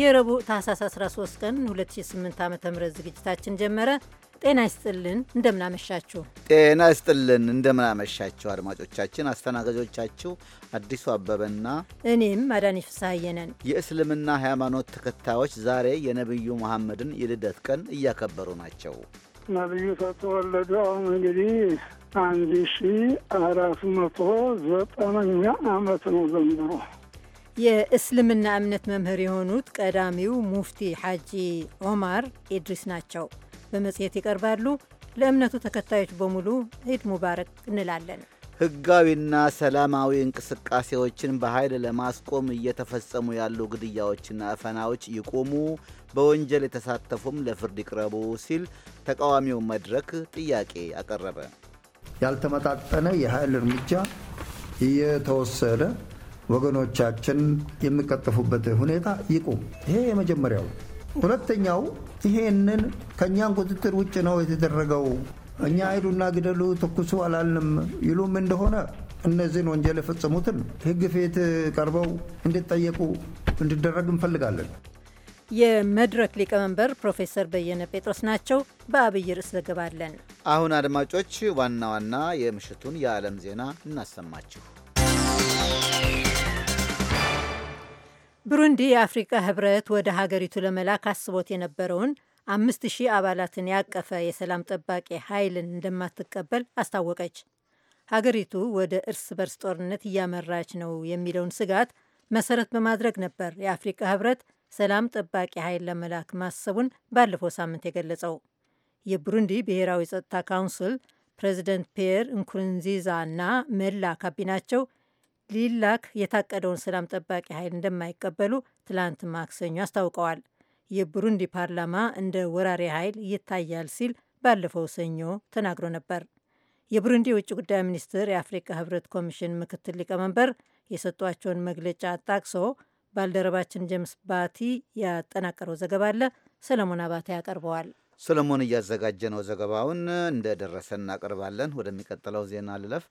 የረቡዕ ታህሳስ 13 ቀን 2008 ዓ ም ዝግጅታችን ጀመረ። ጤና ይስጥልን እንደምናመሻችሁ። ጤና ይስጥልን እንደምናመሻችሁ አድማጮቻችን። አስተናጋጆቻችሁ አዲሱ አበበና እኔም አዳኒ ፍስሐዬ ነን። የእስልምና ሃይማኖት ተከታዮች ዛሬ የነቢዩ መሐመድን የልደት ቀን እያከበሩ ናቸው። ነቢዩ ከተወለዱ አሁን እንግዲህ አንድ ሺ አራት መቶ ዘጠነኛ ዓመት ነው ዘንድሮ የእስልምና እምነት መምህር የሆኑት ቀዳሚው ሙፍቲ ሐጂ ኦማር ኢድሪስ ናቸው። በመጽሔት ይቀርባሉ። ለእምነቱ ተከታዮች በሙሉ ዒድ ሙባረክ እንላለን። ሕጋዊና ሰላማዊ እንቅስቃሴዎችን በኃይል ለማስቆም እየተፈጸሙ ያሉ ግድያዎችና አፈናዎች ይቆሙ፣ በወንጀል የተሳተፉም ለፍርድ ይቅረቡ ሲል ተቃዋሚው መድረክ ጥያቄ አቀረበ። ያልተመጣጠነ የኃይል እርምጃ እየተወሰደ ወገኖቻችን የሚቀጠፉበት ሁኔታ ይቁም። ይሄ የመጀመሪያው። ሁለተኛው ይሄንን ከእኛን ቁጥጥር ውጭ ነው የተደረገው። እኛ ሂዱና ግደሉ፣ ትኩሱ አላልንም። ይሉም እንደሆነ እነዚህን ወንጀል የፈጸሙትን ሕግ ፊት ቀርበው እንዲጠየቁ እንዲደረግ እንፈልጋለን። የመድረክ ሊቀመንበር ፕሮፌሰር በየነ ጴጥሮስ ናቸው። በአብይ ርዕስ ዘገባለን። አሁን አድማጮች፣ ዋና ዋና የምሽቱን የዓለም ዜና እናሰማችሁ። ብሩንዲ የአፍሪቃ ህብረት ወደ ሀገሪቱ ለመላክ አስቦት የነበረውን አምስት ሺህ አባላትን ያቀፈ የሰላም ጠባቂ ኃይልን እንደማትቀበል አስታወቀች። ሀገሪቱ ወደ እርስ በርስ ጦርነት እያመራች ነው የሚለውን ስጋት መሰረት በማድረግ ነበር የአፍሪቃ ህብረት ሰላም ጠባቂ ኃይል ለመላክ ማሰቡን ባለፈው ሳምንት የገለጸው። የቡሩንዲ ብሔራዊ ጸጥታ ካውንስል ፕሬዚደንት ፒየር እንኩርንዚዛ እና መላ ካቢናቸው ሊላክ የታቀደውን ሰላም ጠባቂ ኃይል እንደማይቀበሉ ትላንት ማክሰኞ አስታውቀዋል። የብሩንዲ ፓርላማ እንደ ወራሪ ኃይል ይታያል ሲል ባለፈው ሰኞ ተናግሮ ነበር። የብሩንዲ የውጭ ጉዳይ ሚኒስትር የአፍሪካ ሕብረት ኮሚሽን ምክትል ሊቀመንበር የሰጧቸውን መግለጫ አጣቅሶ ባልደረባችን ጀምስ ባቲ ያጠናቀረው ዘገባ አለ። ሰለሞን አባተ ያቀርበዋል። ሰለሞን እያዘጋጀ ነው። ዘገባውን እንደደረሰ እናቀርባለን። ወደሚቀጥለው ዜና ልለፍ።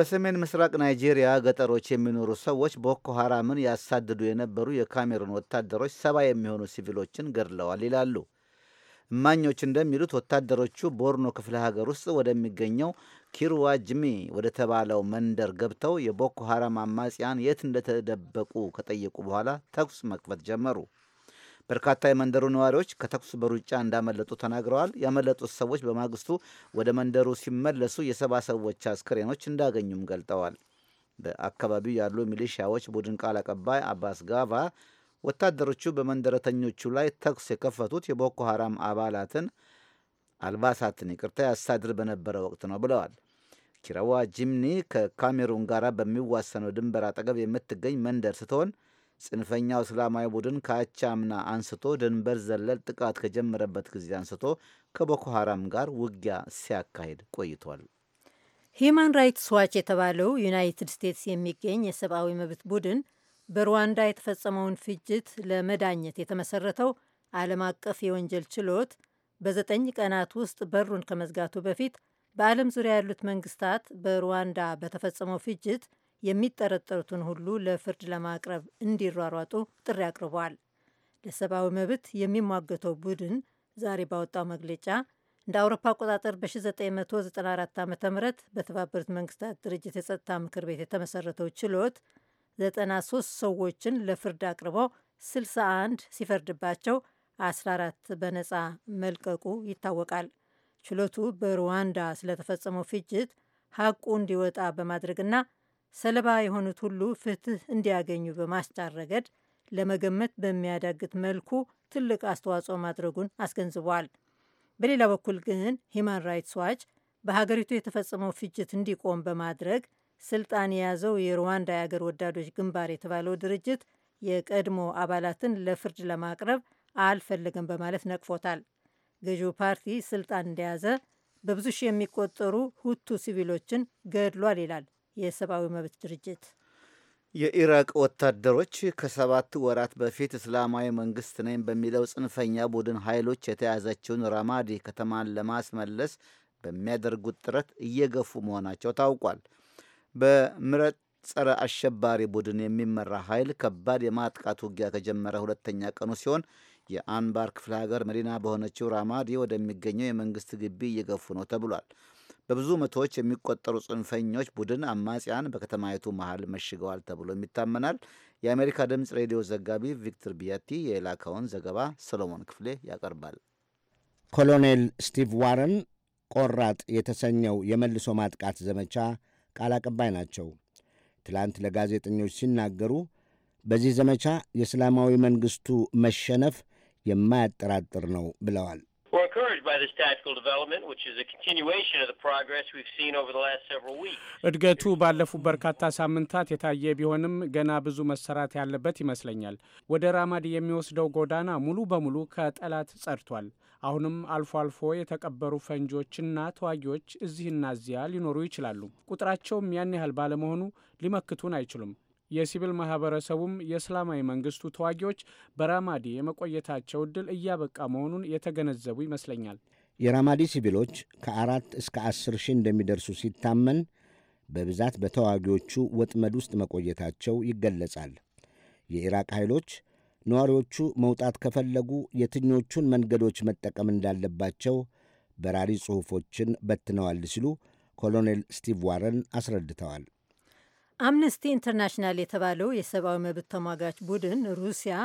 በሰሜን ምስራቅ ናይጄሪያ ገጠሮች የሚኖሩ ሰዎች ቦኮ ሐራምን ያሳድዱ የነበሩ የካሜሩን ወታደሮች ሰባ የሚሆኑ ሲቪሎችን ገድለዋል ይላሉ። እማኞች እንደሚሉት ወታደሮቹ ቦርኖ ክፍለ ሀገር ውስጥ ወደሚገኘው ኪሩዋጅሚ ወደ ተባለው መንደር ገብተው የቦኮ ሐራም አማጽያን የት እንደተደበቁ ከጠየቁ በኋላ ተኩስ መክፈት ጀመሩ። በርካታ የመንደሩ ነዋሪዎች ከተኩስ በሩጫ እንዳመለጡ ተናግረዋል። ያመለጡት ሰዎች በማግስቱ ወደ መንደሩ ሲመለሱ የሰባ ሰዎች አስክሬኖች እንዳገኙም ገልጠዋል። በአካባቢው ያሉ ሚሊሺያዎች ቡድን ቃል አቀባይ አባስ ጋቫ ወታደሮቹ በመንደረተኞቹ ላይ ተኩስ የከፈቱት የቦኮ ሐራም አባላትን አልባሳትን ይቅርታ ያሳድር በነበረ ወቅት ነው ብለዋል። ኪረዋ ጂምኒ ከካሜሩን ጋር በሚዋሰነው ድንበር አጠገብ የምትገኝ መንደር ስትሆን ጽንፈኛው እስላማዊ ቡድን ከአቻምና አንስቶ ድንበር ዘለል ጥቃት ከጀመረበት ጊዜ አንስቶ ከቦኮ ሐራም ጋር ውጊያ ሲያካሂድ ቆይቷል። ሂማን ራይትስ ዋች የተባለው ዩናይትድ ስቴትስ የሚገኝ የሰብአዊ መብት ቡድን በሩዋንዳ የተፈጸመውን ፍጅት ለመዳኘት የተመሰረተው ዓለም አቀፍ የወንጀል ችሎት በዘጠኝ ቀናት ውስጥ በሩን ከመዝጋቱ በፊት በዓለም ዙሪያ ያሉት መንግስታት በሩዋንዳ በተፈጸመው ፍጅት የሚጠረጠሩትን ሁሉ ለፍርድ ለማቅረብ እንዲሯሯጡ ጥሪ አቅርበዋል። ለሰብአዊ መብት የሚሟገተው ቡድን ዛሬ ባወጣው መግለጫ እንደ አውሮፓ አቆጣጠር በ1994 ዓ ም በተባበሩት መንግስታት ድርጅት የጸጥታ ምክር ቤት የተመሰረተው ችሎት 93 ሰዎችን ለፍርድ አቅርቦ 61 ሲፈርድባቸው 14 በነፃ መልቀቁ ይታወቃል። ችሎቱ በሩዋንዳ ስለተፈጸመው ፍጅት ሀቁ እንዲወጣ በማድረግና ሰለባ የሆኑት ሁሉ ፍትህ እንዲያገኙ በማስቻል ረገድ ለመገመት በሚያዳግት መልኩ ትልቅ አስተዋጽኦ ማድረጉን አስገንዝበዋል። በሌላ በኩል ግን ሂማን ራይትስ ዋች በሀገሪቱ የተፈጸመው ፍጅት እንዲቆም በማድረግ ስልጣን የያዘው የሩዋንዳ የአገር ወዳዶች ግንባር የተባለው ድርጅት የቀድሞ አባላትን ለፍርድ ለማቅረብ አልፈለገም በማለት ነቅፎታል። ገዢው ፓርቲ ስልጣን እንደያዘ በብዙ ሺህ የሚቆጠሩ ሁቱ ሲቪሎችን ገድሏል ይላል የሰብአዊ መብት ድርጅት የኢራቅ ወታደሮች ከሰባት ወራት በፊት እስላማዊ መንግስት ነኝ በሚለው ጽንፈኛ ቡድን ኃይሎች የተያዘችውን ራማዲ ከተማን ለማስመለስ በሚያደርጉት ጥረት እየገፉ መሆናቸው ታውቋል። በምረጥ ጸረ አሸባሪ ቡድን የሚመራ ኃይል ከባድ የማጥቃት ውጊያ ከጀመረ ሁለተኛ ቀኑ ሲሆን የአንባር ክፍለ ሀገር መዲና በሆነችው ራማዲ ወደሚገኘው የመንግስት ግቢ እየገፉ ነው ተብሏል። በብዙ መቶዎች የሚቆጠሩ ጽንፈኞች ቡድን አማጽያን በከተማይቱ መሃል መሽገዋል ተብሎ ይታመናል። የአሜሪካ ድምፅ ሬዲዮ ዘጋቢ ቪክተር ቢያቲ የላከውን ዘገባ ሰሎሞን ክፍሌ ያቀርባል። ኮሎኔል ስቲቭ ዋረን ቆራጥ የተሰኘው የመልሶ ማጥቃት ዘመቻ ቃል አቀባይ ናቸው። ትላንት ለጋዜጠኞች ሲናገሩ በዚህ ዘመቻ የእስላማዊ መንግሥቱ መሸነፍ የማያጠራጥር ነው ብለዋል። We're encouraged by this tactical development, which is a continuation of the progress we've seen over the last several weeks. እድገቱ ባለፉት በርካታ ሳምንታት የታየ ቢሆንም ገና ብዙ መሰራት ያለበት ይመስለኛል። ወደ ራማዲ የሚወስደው ጎዳና ሙሉ በሙሉ ከጠላት ጸድቷል። አሁንም አልፎ አልፎ የተቀበሩ ፈንጂዎችና ተዋጊዎች እዚህና እዚያ ሊኖሩ ይችላሉ። ቁጥራቸውም ያን ያህል ባለመሆኑ ሊመክቱን አይችሉም። የሲቪል ማህበረሰቡም የእስላማዊ መንግስቱ ተዋጊዎች በራማዲ የመቆየታቸው እድል እያበቃ መሆኑን የተገነዘቡ ይመስለኛል። የራማዲ ሲቪሎች ከአራት እስከ አስር ሺህ እንደሚደርሱ ሲታመን በብዛት በተዋጊዎቹ ወጥመድ ውስጥ መቆየታቸው ይገለጻል። የኢራቅ ኃይሎች ነዋሪዎቹ መውጣት ከፈለጉ የትኞቹን መንገዶች መጠቀም እንዳለባቸው በራሪ ጽሑፎችን በትነዋል ሲሉ ኮሎኔል ስቲቭ ዋረን አስረድተዋል። አምነስቲ ኢንተርናሽናል የተባለው የሰብአዊ መብት ተሟጋች ቡድን ሩሲያ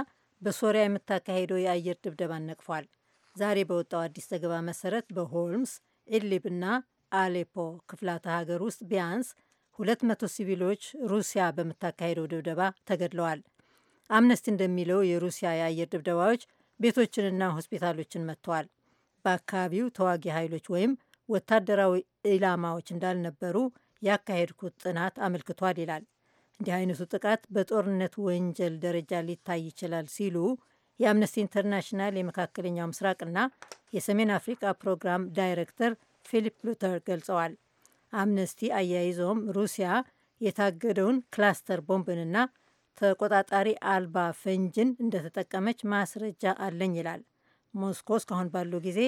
በሶሪያ የምታካሄደው የአየር ድብደባ ነቅፏል። ዛሬ በወጣው አዲስ ዘገባ መሰረት በሆልምስ ኢድሊብ እና አሌፖ ክፍላተ ሀገር ውስጥ ቢያንስ 200 ሲቪሎች ሩሲያ በምታካሄደው ድብደባ ተገድለዋል። አምነስቲ እንደሚለው የሩሲያ የአየር ድብደባዎች ቤቶችንና ሆስፒታሎችን መጥተዋል። በአካባቢው ተዋጊ ኃይሎች ወይም ወታደራዊ ኢላማዎች እንዳልነበሩ ያካሄድኩት ጥናት አመልክቷል ይላል። እንዲህ አይነቱ ጥቃት በጦርነት ወንጀል ደረጃ ሊታይ ይችላል ሲሉ የአምነስቲ ኢንተርናሽናል የመካከለኛው ምስራቅና የሰሜን አፍሪካ ፕሮግራም ዳይሬክተር ፊሊፕ ሉተር ገልጸዋል። አምነስቲ አያይዞም ሩሲያ የታገደውን ክላስተር ቦምብንና ተቆጣጣሪ አልባ ፈንጅን እንደተጠቀመች ማስረጃ አለኝ ይላል። ሞስኮ እስካሁን ባለው ጊዜ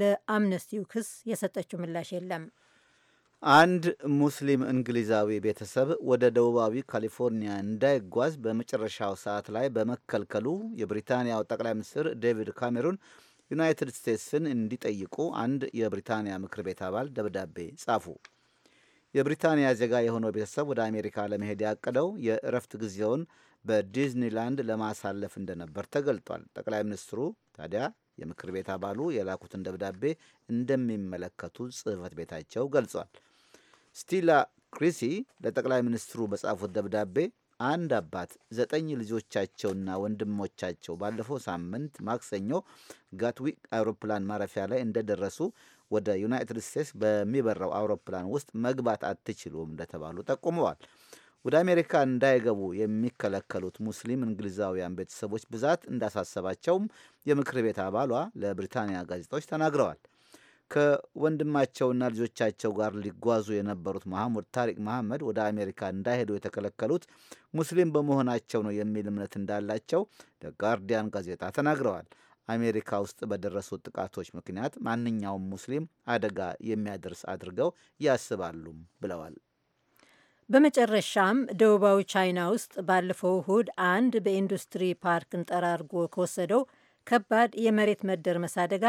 ለአምነስቲው ክስ የሰጠችው ምላሽ የለም። አንድ ሙስሊም እንግሊዛዊ ቤተሰብ ወደ ደቡባዊ ካሊፎርኒያ እንዳይጓዝ በመጨረሻው ሰዓት ላይ በመከልከሉ የብሪታንያው ጠቅላይ ሚኒስትር ዴቪድ ካሜሩን ዩናይትድ ስቴትስን እንዲጠይቁ አንድ የብሪታንያ ምክር ቤት አባል ደብዳቤ ጻፉ። የብሪታንያ ዜጋ የሆነው ቤተሰብ ወደ አሜሪካ ለመሄድ ያቀደው የእረፍት ጊዜውን በዲዝኒላንድ ለማሳለፍ እንደነበር ተገልጧል። ጠቅላይ ሚኒስትሩ ታዲያ የምክር ቤት አባሉ የላኩትን ደብዳቤ እንደሚመለከቱ ጽህፈት ቤታቸው ገልጿል። ስቲላ ክሪሲ ለጠቅላይ ሚኒስትሩ በጻፉት ደብዳቤ አንድ አባት ዘጠኝ ልጆቻቸውና ወንድሞቻቸው ባለፈው ሳምንት ማክሰኞ ጋትዊክ አውሮፕላን ማረፊያ ላይ እንደደረሱ ወደ ዩናይትድ ስቴትስ በሚበራው አውሮፕላን ውስጥ መግባት አትችሉም እንደተባሉ ጠቁመዋል። ወደ አሜሪካ እንዳይገቡ የሚከለከሉት ሙስሊም እንግሊዛውያን ቤተሰቦች ብዛት እንዳሳሰባቸውም የምክር ቤት አባሏ ለብሪታንያ ጋዜጦች ተናግረዋል። ከወንድማቸውና ልጆቻቸው ጋር ሊጓዙ የነበሩት መሐሙድ ታሪቅ መሐመድ ወደ አሜሪካ እንዳይሄዱ የተከለከሉት ሙስሊም በመሆናቸው ነው የሚል እምነት እንዳላቸው ለጋርዲያን ጋዜጣ ተናግረዋል። አሜሪካ ውስጥ በደረሱ ጥቃቶች ምክንያት ማንኛውም ሙስሊም አደጋ የሚያደርስ አድርገው ያስባሉም ብለዋል። በመጨረሻም ደቡባዊ ቻይና ውስጥ ባለፈው እሁድ አንድ በኢንዱስትሪ ፓርክን ጠራርጎ ከወሰደው ከባድ የመሬት መደርመስ አደጋ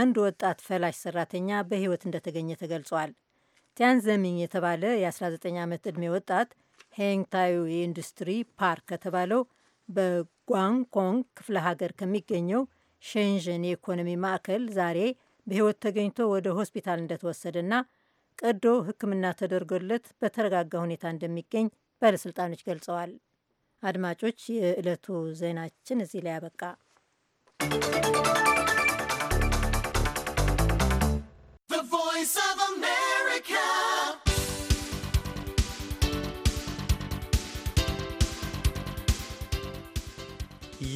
አንድ ወጣት ፈላሽ ሰራተኛ በህይወት እንደተገኘ ተገልጿል። ቲያን የተባለ የ19 ዓመት ዕድሜ ወጣት ሄንግታዩ የኢንዱስትሪ ፓርክ ከተባለው በጓንኮንግ ክፍለ ሀገር ከሚገኘው ሸንዥን የኢኮኖሚ ማዕከል ዛሬ በህይወት ተገኝቶ ወደ ሆስፒታል እንደተወሰደና ቀዶ ሕክምና ተደርጎለት በተረጋጋ ሁኔታ እንደሚገኝ ባለስልጣኖች ገልጸዋል። አድማጮች፣ የዕለቱ ዜናችን እዚህ ላይ አበቃ። Voice of America.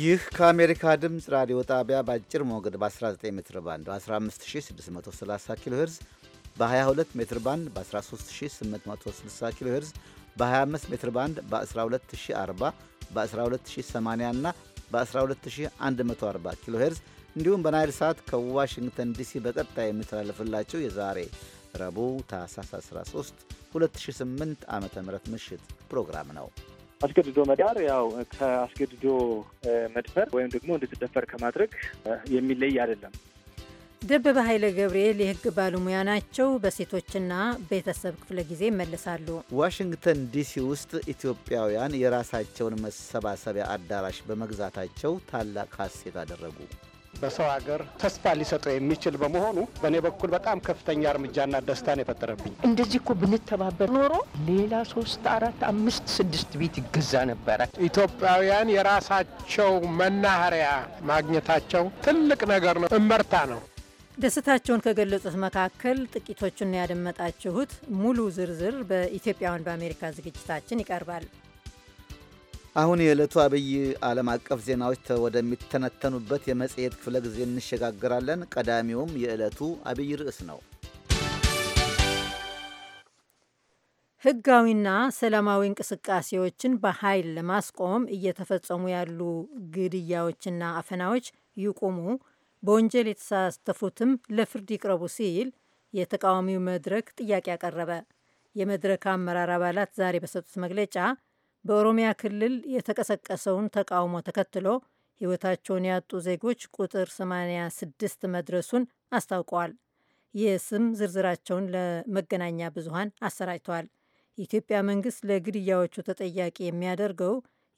ይህ ከአሜሪካ ድምፅ ራዲዮ ጣቢያ በአጭር ሞገድ በ19 ሜትር ባንድ በ15630 ኪሎ ሄርዝ በ22 ሜትር ባንድ በ13860 ኪሎ ሄርዝ በ25 ሜትር ባንድ በ12040 በ12080 እና በ12140 ኪሎ ሄርዝ እንዲሁም በናይል ሳት ከዋሽንግተን ዲሲ በቀጥታ የሚተላለፍላቸው የዛሬ ረቡዕ ታህሳስ 13 2008 ዓ ም ምሽት ፕሮግራም ነው። አስገድዶ መዳር ያው ከአስገድዶ መድፈር ወይም ደግሞ እንድትደፈር ከማድረግ የሚለይ አይደለም። ደበበ ኃይለ ገብርኤል የህግ ባለሙያ ናቸው። በሴቶችና ቤተሰብ ክፍለ ጊዜ ይመልሳሉ። ዋሽንግተን ዲሲ ውስጥ ኢትዮጵያውያን የራሳቸውን መሰባሰቢያ አዳራሽ በመግዛታቸው ታላቅ ሀሴት አደረጉ። በሰው ሀገር ተስፋ ሊሰጠው የሚችል በመሆኑ በእኔ በኩል በጣም ከፍተኛ እርምጃና ደስታን የፈጠረብኝ። እንደዚህ እኮ ብንተባበር ኖሮ ሌላ ሶስት አራት አምስት ስድስት ቤት ይገዛ ነበረ። ኢትዮጵያውያን የራሳቸው መናኸሪያ ማግኘታቸው ትልቅ ነገር ነው፣ እመርታ ነው። ደስታቸውን ከገለጹት መካከል ጥቂቶቹን ያደመጣችሁት። ሙሉ ዝርዝር በኢትዮጵያውያን በአሜሪካ ዝግጅታችን ይቀርባል። አሁን የዕለቱ አብይ ዓለም አቀፍ ዜናዎች ወደሚተነተኑበት የመጽሔት ክፍለ ጊዜ እንሸጋግራለን። ቀዳሚውም የዕለቱ አብይ ርዕስ ነው። ሕጋዊና ሰላማዊ እንቅስቃሴዎችን በኃይል ለማስቆም እየተፈጸሙ ያሉ ግድያዎችና አፈናዎች ይቁሙ፣ በወንጀል የተሳተፉትም ለፍርድ ይቅረቡ ሲል የተቃዋሚው መድረክ ጥያቄ አቀረበ። የመድረክ አመራር አባላት ዛሬ በሰጡት መግለጫ በኦሮሚያ ክልል የተቀሰቀሰውን ተቃውሞ ተከትሎ ሕይወታቸውን ያጡ ዜጎች ቁጥር 86 መድረሱን አስታውቀዋል። የስም ዝርዝራቸውን ለመገናኛ ብዙኃን አሰራጭተዋል። የኢትዮጵያ መንግስት ለግድያዎቹ ተጠያቂ የሚያደርገው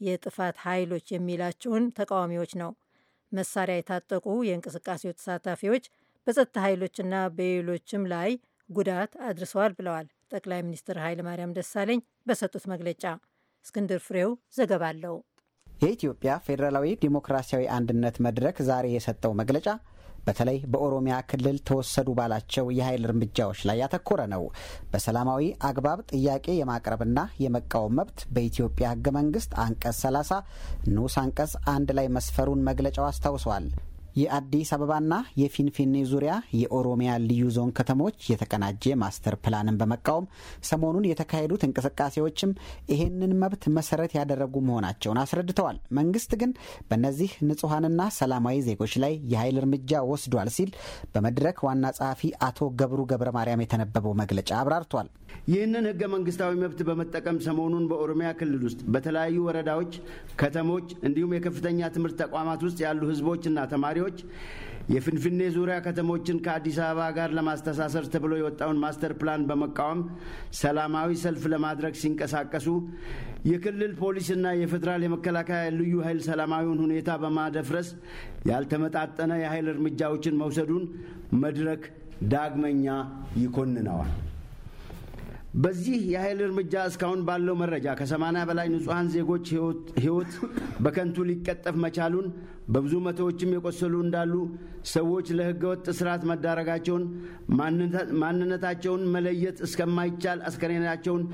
የጥፋት ኃይሎች የሚላቸውን ተቃዋሚዎች ነው። መሳሪያ የታጠቁ የእንቅስቃሴው ተሳታፊዎች በጸጥታ ኃይሎችና በሌሎችም ላይ ጉዳት አድርሰዋል ብለዋል ጠቅላይ ሚኒስትር ኃይለማርያም ደሳለኝ በሰጡት መግለጫ። እስክንድር ፍሬው ዘገባ አለው። የኢትዮጵያ ፌዴራላዊ ዲሞክራሲያዊ አንድነት መድረክ ዛሬ የሰጠው መግለጫ በተለይ በኦሮሚያ ክልል ተወሰዱ ባላቸው የኃይል እርምጃዎች ላይ ያተኮረ ነው። በሰላማዊ አግባብ ጥያቄ የማቅረብና የመቃወም መብት በኢትዮጵያ ሕገ መንግስት አንቀጽ 30 ንዑስ አንቀጽ አንድ ላይ መስፈሩን መግለጫው አስታውሷል። የአዲስ አበባና የፊንፊኔ ዙሪያ የኦሮሚያ ልዩ ዞን ከተሞች የተቀናጀ ማስተር ፕላንን በመቃወም ሰሞኑን የተካሄዱት እንቅስቃሴዎችም ይህንን መብት መሰረት ያደረጉ መሆናቸውን አስረድተዋል። መንግስት ግን በእነዚህ ንጹሐንና ሰላማዊ ዜጎች ላይ የኃይል እርምጃ ወስዷል ሲል በመድረክ ዋና ጸሐፊ አቶ ገብሩ ገብረ ማርያም የተነበበው መግለጫ አብራርቷል። ይህንን ህገ መንግስታዊ መብት በመጠቀም ሰሞኑን በኦሮሚያ ክልል ውስጥ በተለያዩ ወረዳዎች፣ ከተሞች እንዲሁም የከፍተኛ ትምህርት ተቋማት ውስጥ ያሉ ህዝቦችና ተማሪዎች ነዋሪዎች የፍንፍኔ ዙሪያ ከተሞችን ከአዲስ አበባ ጋር ለማስተሳሰር ተብሎ የወጣውን ማስተር ፕላን በመቃወም ሰላማዊ ሰልፍ ለማድረግ ሲንቀሳቀሱ የክልል ፖሊስና የፌዴራል የመከላከያ ልዩ ኃይል ሰላማዊውን ሁኔታ በማደፍረስ ያልተመጣጠነ የኃይል እርምጃዎችን መውሰዱን መድረክ ዳግመኛ ይኮንነዋል። በዚህ የኃይል እርምጃ እስካሁን ባለው መረጃ ከ80 በላይ ንጹሐን ዜጎች ሕይወት በከንቱ ሊቀጠፍ መቻሉን በብዙ መቶዎችም የቆሰሉ እንዳሉ ሰዎች ለህገወጥ ወጥ ስርዓት መዳረጋቸውን ማንነታቸውን መለየት እስከማይቻል አስከሬናቸውን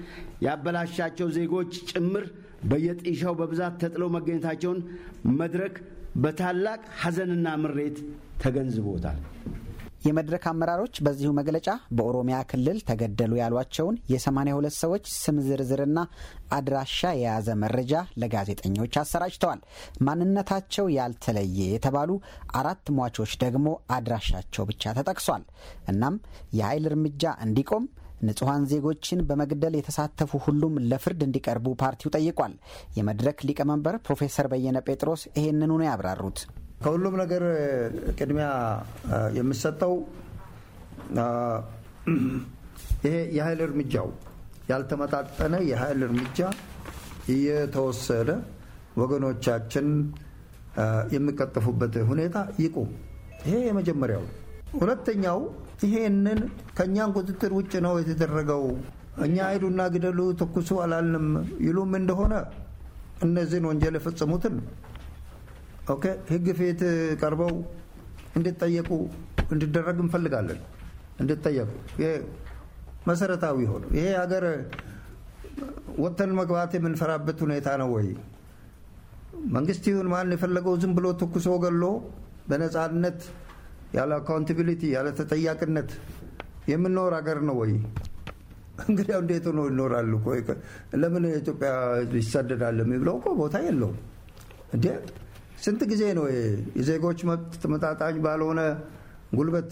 ያበላሻቸው ዜጎች ጭምር በየጥሻው በብዛት ተጥለው መገኘታቸውን መድረክ በታላቅ ሐዘንና ምሬት ተገንዝቦታል። የመድረክ አመራሮች በዚሁ መግለጫ በኦሮሚያ ክልል ተገደሉ ያሏቸውን የ82 ሰዎች ስም ዝርዝርና አድራሻ የያዘ መረጃ ለጋዜጠኞች አሰራጭተዋል። ማንነታቸው ያልተለየ የተባሉ አራት ሟቾች ደግሞ አድራሻቸው ብቻ ተጠቅሷል። እናም የኃይል እርምጃ እንዲቆም ንጹሐን ዜጎችን በመግደል የተሳተፉ ሁሉም ለፍርድ እንዲቀርቡ ፓርቲው ጠይቋል። የመድረክ ሊቀመንበር ፕሮፌሰር በየነ ጴጥሮስ ይሄንኑ ነው ያብራሩት። ከሁሉም ነገር ቅድሚያ የምሰጠው ይሄ የኃይል እርምጃው ያልተመጣጠነ የኃይል እርምጃ እየተወሰደ ወገኖቻችን የሚቀጠፉበት ሁኔታ ይቁም። ይሄ የመጀመሪያው። ሁለተኛው ይሄንን ከእኛን ቁጥጥር ውጭ ነው የተደረገው። እኛ ሂዱና ግደሉ፣ ተኩሱ አላልንም ይሉም እንደሆነ እነዚህን ወንጀል የፈጸሙትን ህግ ፊት ቀርበው እንድጠየቁ እንድደረግ እንፈልጋለን። እንድጠየቁ መሰረታዊ ሆነ ይሄ ሀገር ወጥተን መግባት የምንፈራበት ሁኔታ ነው ወይ? መንግስት ይሁን ማን የፈለገው ዝም ብሎ ትኩሶ ገሎ በነፃነት ያለ አካውንታቢሊቲ ያለ ተጠያቂነት የምንኖር ሀገር ነው ወይ? እንግዲያው እንዴት ሆኖ ይኖራሉ? ለምን ኢትዮጵያ ይሰደዳል የሚብለው እኮ ቦታ የለውም እንዴ? ስንት ጊዜ ነው የዜጎች መብት ተመጣጣኝ ባልሆነ ጉልበት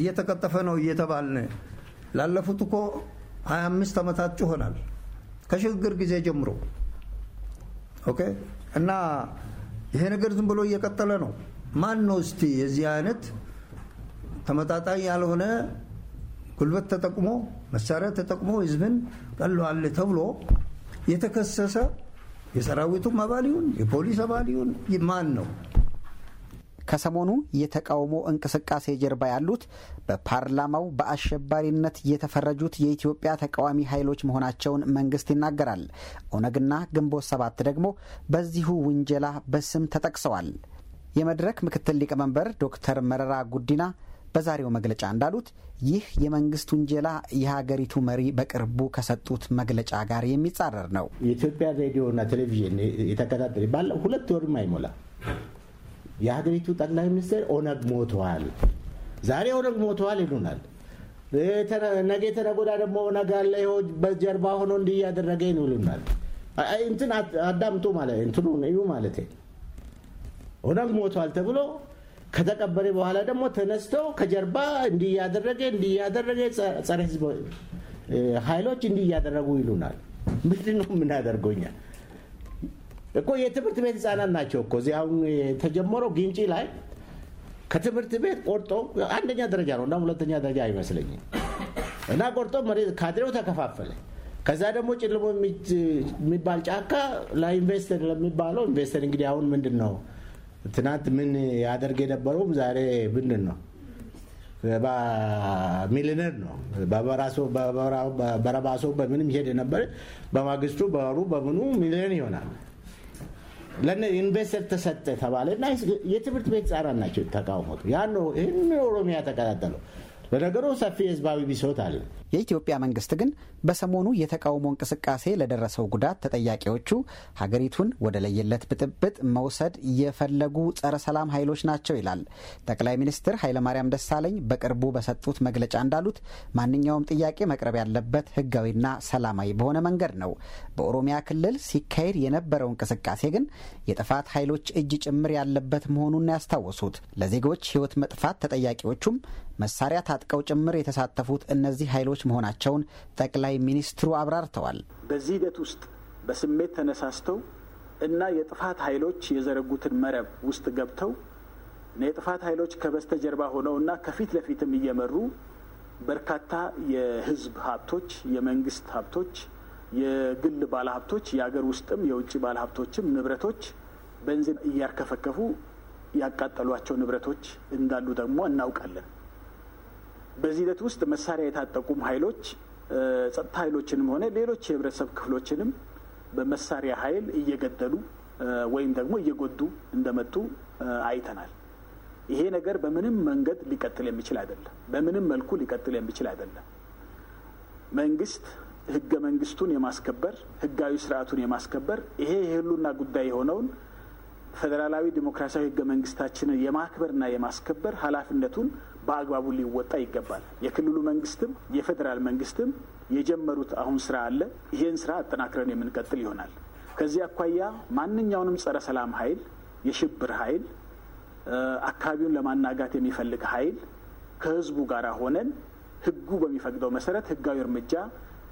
እየተቀጠፈ ነው እየተባልን ላለፉት እኮ 25 ዓመታት ይሆናል ከሽግግር ጊዜ ጀምሮ ኦኬ። እና ይሄ ነገር ዝም ብሎ እየቀጠለ ነው። ማን ነው እስቲ የዚህ አይነት ተመጣጣኝ ያልሆነ ጉልበት ተጠቅሞ መሳሪያ ተጠቅሞ ህዝብን ቀለዋል ተብሎ የተከሰሰ የሰራዊቱም አባል ይሁን የፖሊስ አባል ይሁን ማን ነው? ከሰሞኑ የተቃውሞ እንቅስቃሴ ጀርባ ያሉት በፓርላማው በአሸባሪነት የተፈረጁት የኢትዮጵያ ተቃዋሚ ኃይሎች መሆናቸውን መንግስት ይናገራል። ኦነግና ግንቦት ሰባት ደግሞ በዚሁ ውንጀላ በስም ተጠቅሰዋል። የመድረክ ምክትል ሊቀመንበር ዶክተር መረራ ጉዲና በዛሬው መግለጫ እንዳሉት ይህ የመንግስት ውንጀላ የሀገሪቱ መሪ በቅርቡ ከሰጡት መግለጫ ጋር የሚጻረር ነው። የኢትዮጵያ ሬዲዮና ቴሌቪዥን የተከታተለ ባለ ሁለት ወርም አይሞላ የሀገሪቱ ጠቅላይ ሚኒስትር ኦነግ ሞተዋል፣ ዛሬ ኦነግ ሞተዋል ይሉናል። ነገ ተነገ ደግሞ ኦነግ አለ በጀርባ ሆኖ እንዲህ እያደረገ ይሉናል። እንትን አዳምጡ ማለት እንትኑ እዩ ማለት ኦነግ ሞተዋል ተብሎ ከተቀበረ በኋላ ደግሞ ተነስቶ ከጀርባ እንዲያደረገ እንዲያደረገ ጸረ ህዝብ ኃይሎች እንዲህ እያደረጉ ይሉናል። ምንድን ነው የምናደርገኛል? እኮ የትምህርት ቤት ህፃናት ናቸው እኮ እዚህ አሁን የተጀመረው ግንጪ ላይ ከትምህርት ቤት ቆርጦ አንደኛ ደረጃ ነው እና ሁለተኛ ደረጃ አይመስለኝም። እና ቆርጦ መሬት ካድሬው ተከፋፈለ። ከዛ ደግሞ ጭልሞ የሚባል ጫካ ለኢንቨስተር ለሚባለው ኢንቨስተር እንግዲህ አሁን ምንድን ነው ትናንት ምን ያደርግ የነበረውም ዛሬ ምንድን ነው ሚሊነር ነው። በረባሶ በምንም ሄድ የነበረ በማግስቱ በሩ በምኑ ሚሊዮን ይሆናል። ለኢንቨስተር ተሰጠ ተባለ እና የትምህርት ቤት ህጻናት ናቸው ተቃውሞቱ። ያን ይህን ኦሮሚያ ተቀጣጠለው በነገሩ ሰፊ ህዝባዊ ቢሶት አለ። የኢትዮጵያ መንግስት ግን በሰሞኑ የተቃውሞ እንቅስቃሴ ለደረሰው ጉዳት ተጠያቂዎቹ ሀገሪቱን ወደ ለየለት ብጥብጥ መውሰድ የፈለጉ ጸረ ሰላም ኃይሎች ናቸው ይላል። ጠቅላይ ሚኒስትር ኃይለማርያም ደሳለኝ በቅርቡ በሰጡት መግለጫ እንዳሉት ማንኛውም ጥያቄ መቅረብ ያለበት ህጋዊና ሰላማዊ በሆነ መንገድ ነው። በኦሮሚያ ክልል ሲካሄድ የነበረው እንቅስቃሴ ግን የጥፋት ኃይሎች እጅ ጭምር ያለበት መሆኑን ያስታወሱት ለዜጎች ህይወት መጥፋት ተጠያቂዎቹም መሳሪያ ታጥቀው ጭምር የተሳተፉት እነዚህ ኃይሎች መሆናቸውን ጠቅላይ ሚኒስትሩ አብራርተዋል። በዚህ ሂደት ውስጥ በስሜት ተነሳስተው እና የጥፋት ኃይሎች የዘረጉትን መረብ ውስጥ ገብተው የጥፋት ኃይሎች ከበስተጀርባ ሆነው እና ከፊት ለፊትም እየመሩ በርካታ የህዝብ ሀብቶች፣ የመንግስት ሀብቶች፣ የግል ባለሀብቶች፣ የአገር ውስጥም የውጭ ባለሀብቶችም ንብረቶች በንዚን እያርከፈከፉ ያቃጠሏቸው ንብረቶች እንዳሉ ደግሞ እናውቃለን። በዚህ ሂደት ውስጥ መሳሪያ የታጠቁም ኃይሎች ጸጥታ ኃይሎችንም ሆነ ሌሎች የህብረተሰብ ክፍሎችንም በመሳሪያ ኃይል እየገደሉ ወይም ደግሞ እየጎዱ እንደመጡ አይተናል። ይሄ ነገር በምንም መንገድ ሊቀጥል የሚችል አይደለም። በምንም መልኩ ሊቀጥል የሚችል አይደለም። መንግስት ህገ መንግስቱን የማስከበር ህጋዊ ስርዓቱን የማስከበር ይሄ የህሉና ጉዳይ የሆነውን ፌዴራላዊ ዲሞክራሲያዊ ህገ መንግስታችንን የማክበርና የማስከበር ኃላፊነቱን በአግባቡ ሊወጣ ይገባል። የክልሉ መንግስትም የፌዴራል መንግስትም የጀመሩት አሁን ስራ አለ። ይህን ስራ አጠናክረን የምንቀጥል ይሆናል። ከዚህ አኳያ ማንኛውንም ጸረ ሰላም ኃይል፣ የሽብር ኃይል፣ አካባቢውን ለማናጋት የሚፈልግ ኃይል ከህዝቡ ጋር ሆነን ህጉ በሚፈቅደው መሰረት ህጋዊ እርምጃ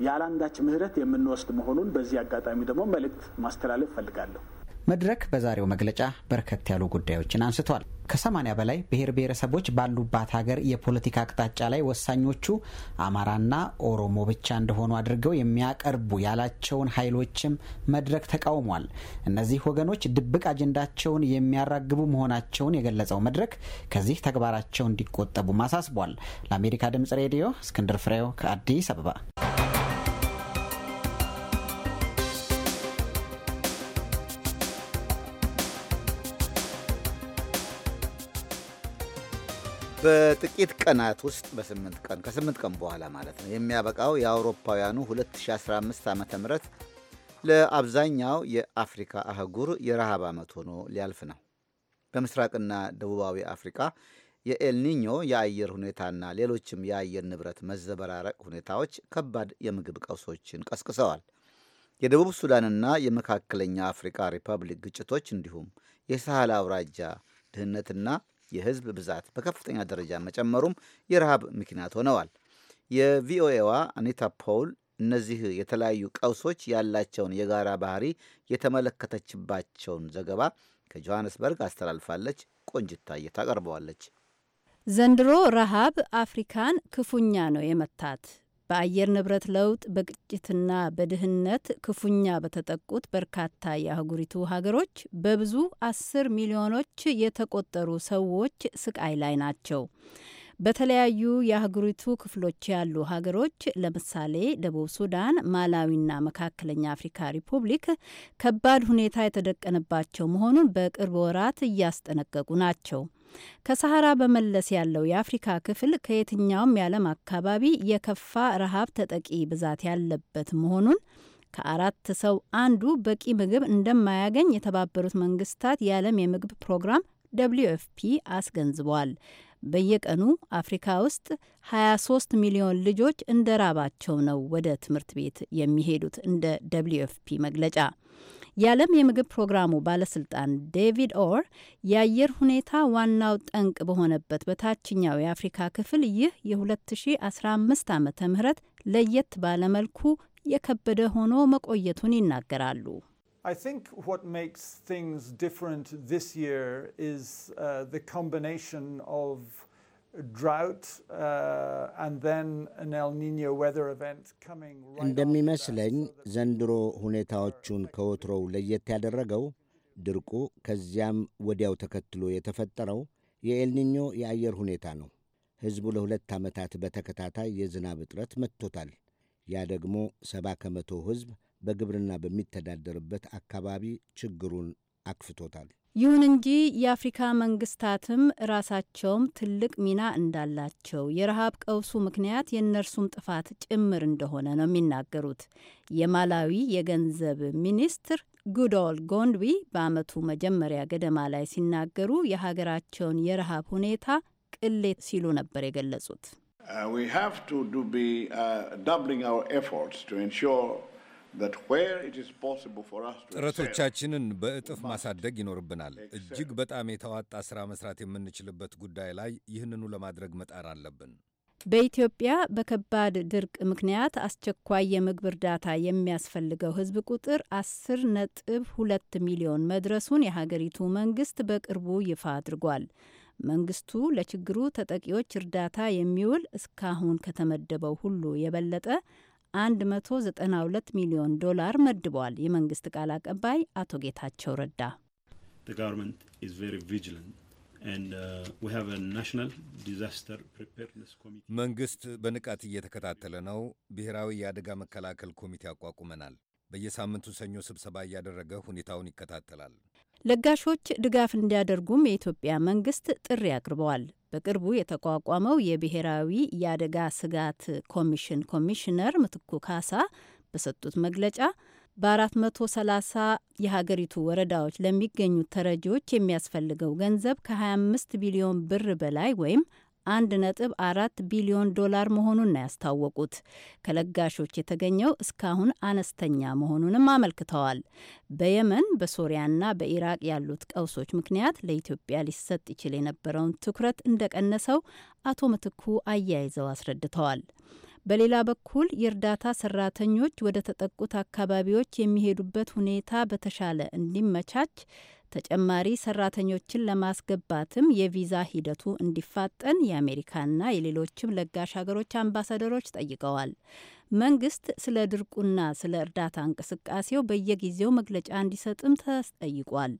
ያለአንዳች ምህረት የምንወስድ መሆኑን በዚህ አጋጣሚ ደግሞ መልእክት ማስተላለፍ እፈልጋለሁ። መድረክ በዛሬው መግለጫ በርከት ያሉ ጉዳዮችን አንስቷል። ከሰማኒያ በላይ ብሔር ብሔረሰቦች ባሉባት ሀገር የፖለቲካ አቅጣጫ ላይ ወሳኞቹ አማራና ኦሮሞ ብቻ እንደሆኑ አድርገው የሚያቀርቡ ያላቸውን ኃይሎችም መድረክ ተቃውሟል። እነዚህ ወገኖች ድብቅ አጀንዳቸውን የሚያራግቡ መሆናቸውን የገለጸው መድረክ ከዚህ ተግባራቸው እንዲቆጠቡም አሳስቧል። ለአሜሪካ ድምጽ ሬዲዮ እስክንድር ፍሬው ከአዲስ አበባ በጥቂት ቀናት ውስጥ በስምንት ቀን ከስምንት ቀን በኋላ ማለት ነው የሚያበቃው የአውሮፓውያኑ 2015 ዓ ም ለአብዛኛው የአፍሪካ አህጉር የረሃብ ዓመት ሆኖ ሊያልፍ ነው። በምስራቅና ደቡባዊ አፍሪካ የኤልኒኞ የአየር ሁኔታና ሌሎችም የአየር ንብረት መዘበራረቅ ሁኔታዎች ከባድ የምግብ ቀውሶችን ቀስቅሰዋል። የደቡብ ሱዳንና የመካከለኛ አፍሪካ ሪፐብሊክ ግጭቶች እንዲሁም የሳህል አውራጃ ድህነትና የህዝብ ብዛት በከፍተኛ ደረጃ መጨመሩም የረሃብ ምክንያት ሆነዋል። የቪኦኤዋ አኒታ ፖውል እነዚህ የተለያዩ ቀውሶች ያላቸውን የጋራ ባህሪ የተመለከተችባቸውን ዘገባ ከጆሃንስበርግ አስተላልፋለች። ቆንጅታዬ ታቀርበዋለች። ዘንድሮ ረሃብ አፍሪካን ክፉኛ ነው የመታት። በአየር ንብረት ለውጥ በግጭትና በድህነት ክፉኛ በተጠቁት በርካታ የአህጉሪቱ ሀገሮች በብዙ አስር ሚሊዮኖች የተቆጠሩ ሰዎች ስቃይ ላይ ናቸው። በተለያዩ የአህጉሪቱ ክፍሎች ያሉ ሀገሮች ለምሳሌ ደቡብ ሱዳን፣ ማላዊና መካከለኛ አፍሪካ ሪፑብሊክ ከባድ ሁኔታ የተደቀነባቸው መሆኑን በቅርብ ወራት እያስጠነቀቁ ናቸው። ከሰሐራ በመለስ ያለው የአፍሪካ ክፍል ከየትኛውም የዓለም አካባቢ የከፋ ረሃብ ተጠቂ ብዛት ያለበት መሆኑን ከአራት ሰው አንዱ በቂ ምግብ እንደማያገኝ የተባበሩት መንግስታት የዓለም የምግብ ፕሮግራም ደብልዩ ኤፍ አስገንዝቧል። በየቀኑ አፍሪካ ውስጥ 23 ሚሊዮን ልጆች እንደ ራባቸው ነው ወደ ትምህርት ቤት የሚሄዱት እንደ ደብልዩ መግለጫ። የዓለም የምግብ ፕሮግራሙ ባለስልጣን ዴቪድ ኦር የአየር ሁኔታ ዋናው ጠንቅ በሆነበት በታችኛው የአፍሪካ ክፍል ይህ የ2015 ዓ ም ለየት ባለመልኩ የከበደ ሆኖ መቆየቱን ይናገራሉ። I think what makes things different this year is uh, the combination of Uh, እንደሚመስለኝ ዘንድሮ ሁኔታዎቹን ከወትሮው ለየት ያደረገው ድርቁ ከዚያም ወዲያው ተከትሎ የተፈጠረው የኤልኒኞ የአየር ሁኔታ ነው። ሕዝቡ ለሁለት ዓመታት በተከታታይ የዝናብ እጥረት መጥቶታል። ያ ደግሞ ሰባ ከመቶ ሕዝብ በግብርና በሚተዳደርበት አካባቢ ችግሩን አክፍቶታል። ይሁን እንጂ የአፍሪካ መንግስታትም ራሳቸውም ትልቅ ሚና እንዳላቸው የረሃብ ቀውሱ ምክንያት የእነርሱም ጥፋት ጭምር እንደሆነ ነው የሚናገሩት። የማላዊ የገንዘብ ሚኒስትር ጉዶል ጎንድዊ በአመቱ መጀመሪያ ገደማ ላይ ሲናገሩ የሀገራቸውን የረሃብ ሁኔታ ቅሌት ሲሉ ነበር የገለጹት። uh, ጥረቶቻችንን በእጥፍ ማሳደግ ይኖርብናል። እጅግ በጣም የተዋጣ ስራ መስራት የምንችልበት ጉዳይ ላይ ይህንኑ ለማድረግ መጣር አለብን። በኢትዮጵያ በከባድ ድርቅ ምክንያት አስቸኳይ የምግብ እርዳታ የሚያስፈልገው ሕዝብ ቁጥር አስር ነጥብ ሁለት ሚሊዮን መድረሱን የሀገሪቱ መንግስት በቅርቡ ይፋ አድርጓል። መንግስቱ ለችግሩ ተጠቂዎች እርዳታ የሚውል እስካሁን ከተመደበው ሁሉ የበለጠ 192 ሚሊዮን ዶላር መድቧል። የመንግስት ቃል አቀባይ አቶ ጌታቸው ረዳ uh, መንግስት በንቃት እየተከታተለ ነው። ብሔራዊ የአደጋ መከላከል ኮሚቴ አቋቁመናል። በየሳምንቱ ሰኞ ስብሰባ እያደረገ ሁኔታውን ይከታተላል። ለጋሾች ድጋፍ እንዲያደርጉም የኢትዮጵያ መንግስት ጥሪ አቅርበዋል። በቅርቡ የተቋቋመው የብሔራዊ የአደጋ ስጋት ኮሚሽን ኮሚሽነር ምትኩ ካሳ በሰጡት መግለጫ በ430 የሀገሪቱ ወረዳዎች ለሚገኙ ተረጂዎች የሚያስፈልገው ገንዘብ ከ25 ቢሊዮን ብር በላይ ወይም 1.4 ቢሊዮን ዶላር መሆኑን ነው ያስታወቁት። ከለጋሾች የተገኘው እስካሁን አነስተኛ መሆኑንም አመልክተዋል። በየመን በሶሪያና በኢራቅ ያሉት ቀውሶች ምክንያት ለኢትዮጵያ ሊሰጥ ይችል የነበረውን ትኩረት እንደቀነሰው አቶ ምትኩ አያይዘው አስረድተዋል። በሌላ በኩል የእርዳታ ሰራተኞች ወደ ተጠቁት አካባቢዎች የሚሄዱበት ሁኔታ በተሻለ እንዲመቻች ተጨማሪ ሰራተኞችን ለማስገባትም የቪዛ ሂደቱ እንዲፋጠን የአሜሪካና የሌሎችም ለጋሽ ሀገሮች አምባሳደሮች ጠይቀዋል። መንግስት ስለ ድርቁና ስለ እርዳታ እንቅስቃሴው በየጊዜው መግለጫ እንዲሰጥም ተጠይቋል።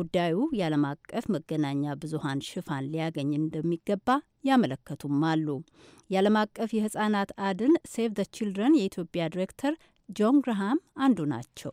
ጉዳዩ የዓለም አቀፍ መገናኛ ብዙሃን ሽፋን ሊያገኝ እንደሚገባ ያመለከቱም አሉ። የዓለም አቀፍ የህጻናት አድን ሴቭ ዘ ችልድረን የኢትዮጵያ ዲሬክተር ጆን ግርሃም አንዱ ናቸው።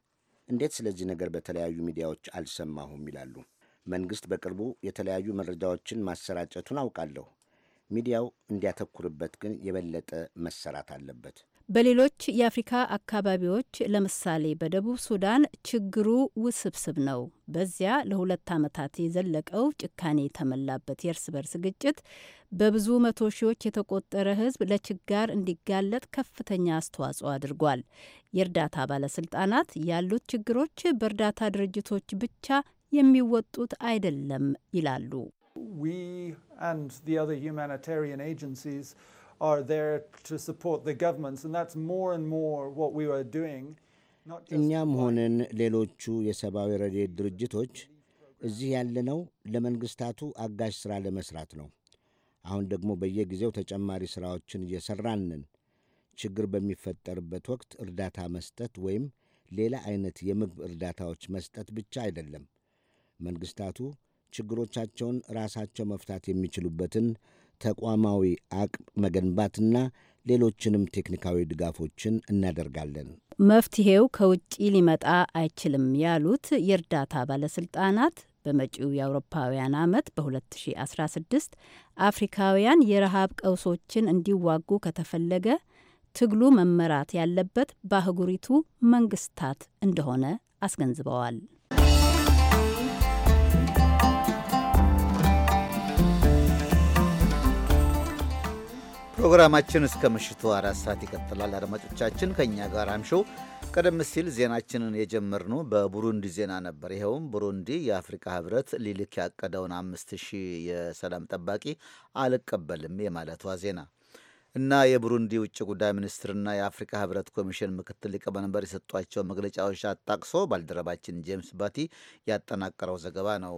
እንዴት ስለዚህ ነገር በተለያዩ ሚዲያዎች አልሰማሁም ይላሉ። መንግሥት በቅርቡ የተለያዩ መረጃዎችን ማሰራጨቱን አውቃለሁ። ሚዲያው እንዲያተኩርበት ግን የበለጠ መሰራት አለበት። በሌሎች የአፍሪካ አካባቢዎች ለምሳሌ በደቡብ ሱዳን ችግሩ ውስብስብ ነው። በዚያ ለሁለት ዓመታት የዘለቀው ጭካኔ የተሞላበት የእርስ በርስ ግጭት በብዙ መቶ ሺዎች የተቆጠረ ሕዝብ ለችጋር እንዲጋለጥ ከፍተኛ አስተዋጽኦ አድርጓል። የእርዳታ ባለስልጣናት ያሉት ችግሮች በእርዳታ ድርጅቶች ብቻ የሚወጡት አይደለም ይላሉ። are there to support the governments. And that's more and more what we are doing. እኛም ሆንን ሌሎቹ የሰብአዊ ረድኤት ድርጅቶች እዚህ ያለነው ለመንግስታቱ አጋዥ ሥራ ለመሥራት ነው። አሁን ደግሞ በየጊዜው ተጨማሪ ሥራዎችን እየሠራን ችግር በሚፈጠርበት ወቅት እርዳታ መስጠት ወይም ሌላ አይነት የምግብ እርዳታዎች መስጠት ብቻ አይደለም። መንግስታቱ ችግሮቻቸውን ራሳቸው መፍታት የሚችሉበትን ተቋማዊ አቅም መገንባትና ሌሎችንም ቴክኒካዊ ድጋፎችን እናደርጋለን። መፍትሄው ከውጭ ሊመጣ አይችልም ያሉት የእርዳታ ባለስልጣናት በመጪው የአውሮፓውያን ዓመት በ2016 አፍሪካውያን የረሃብ ቀውሶችን እንዲዋጉ ከተፈለገ ትግሉ መመራት ያለበት በአህጉሪቱ መንግስታት እንደሆነ አስገንዝበዋል። ፕሮግራማችን እስከ ምሽቱ አራት ሰዓት ይቀጥላል። አድማጮቻችን ከእኛ ጋር አምሾ። ቀደም ሲል ዜናችንን የጀመርነው በቡሩንዲ ዜና ነበር። ይኸውም ቡሩንዲ የአፍሪካ ህብረት ሊልክ ያቀደውን አምስት ሺህ የሰላም ጠባቂ አልቀበልም የማለቷ ዜና እና የቡሩንዲ ውጭ ጉዳይ ሚኒስትርና የአፍሪካ ህብረት ኮሚሽን ምክትል ሊቀመንበር የሰጧቸው መግለጫዎች አጣቅሶ ባልደረባችን ጄምስ ባቲ ያጠናቀረው ዘገባ ነው።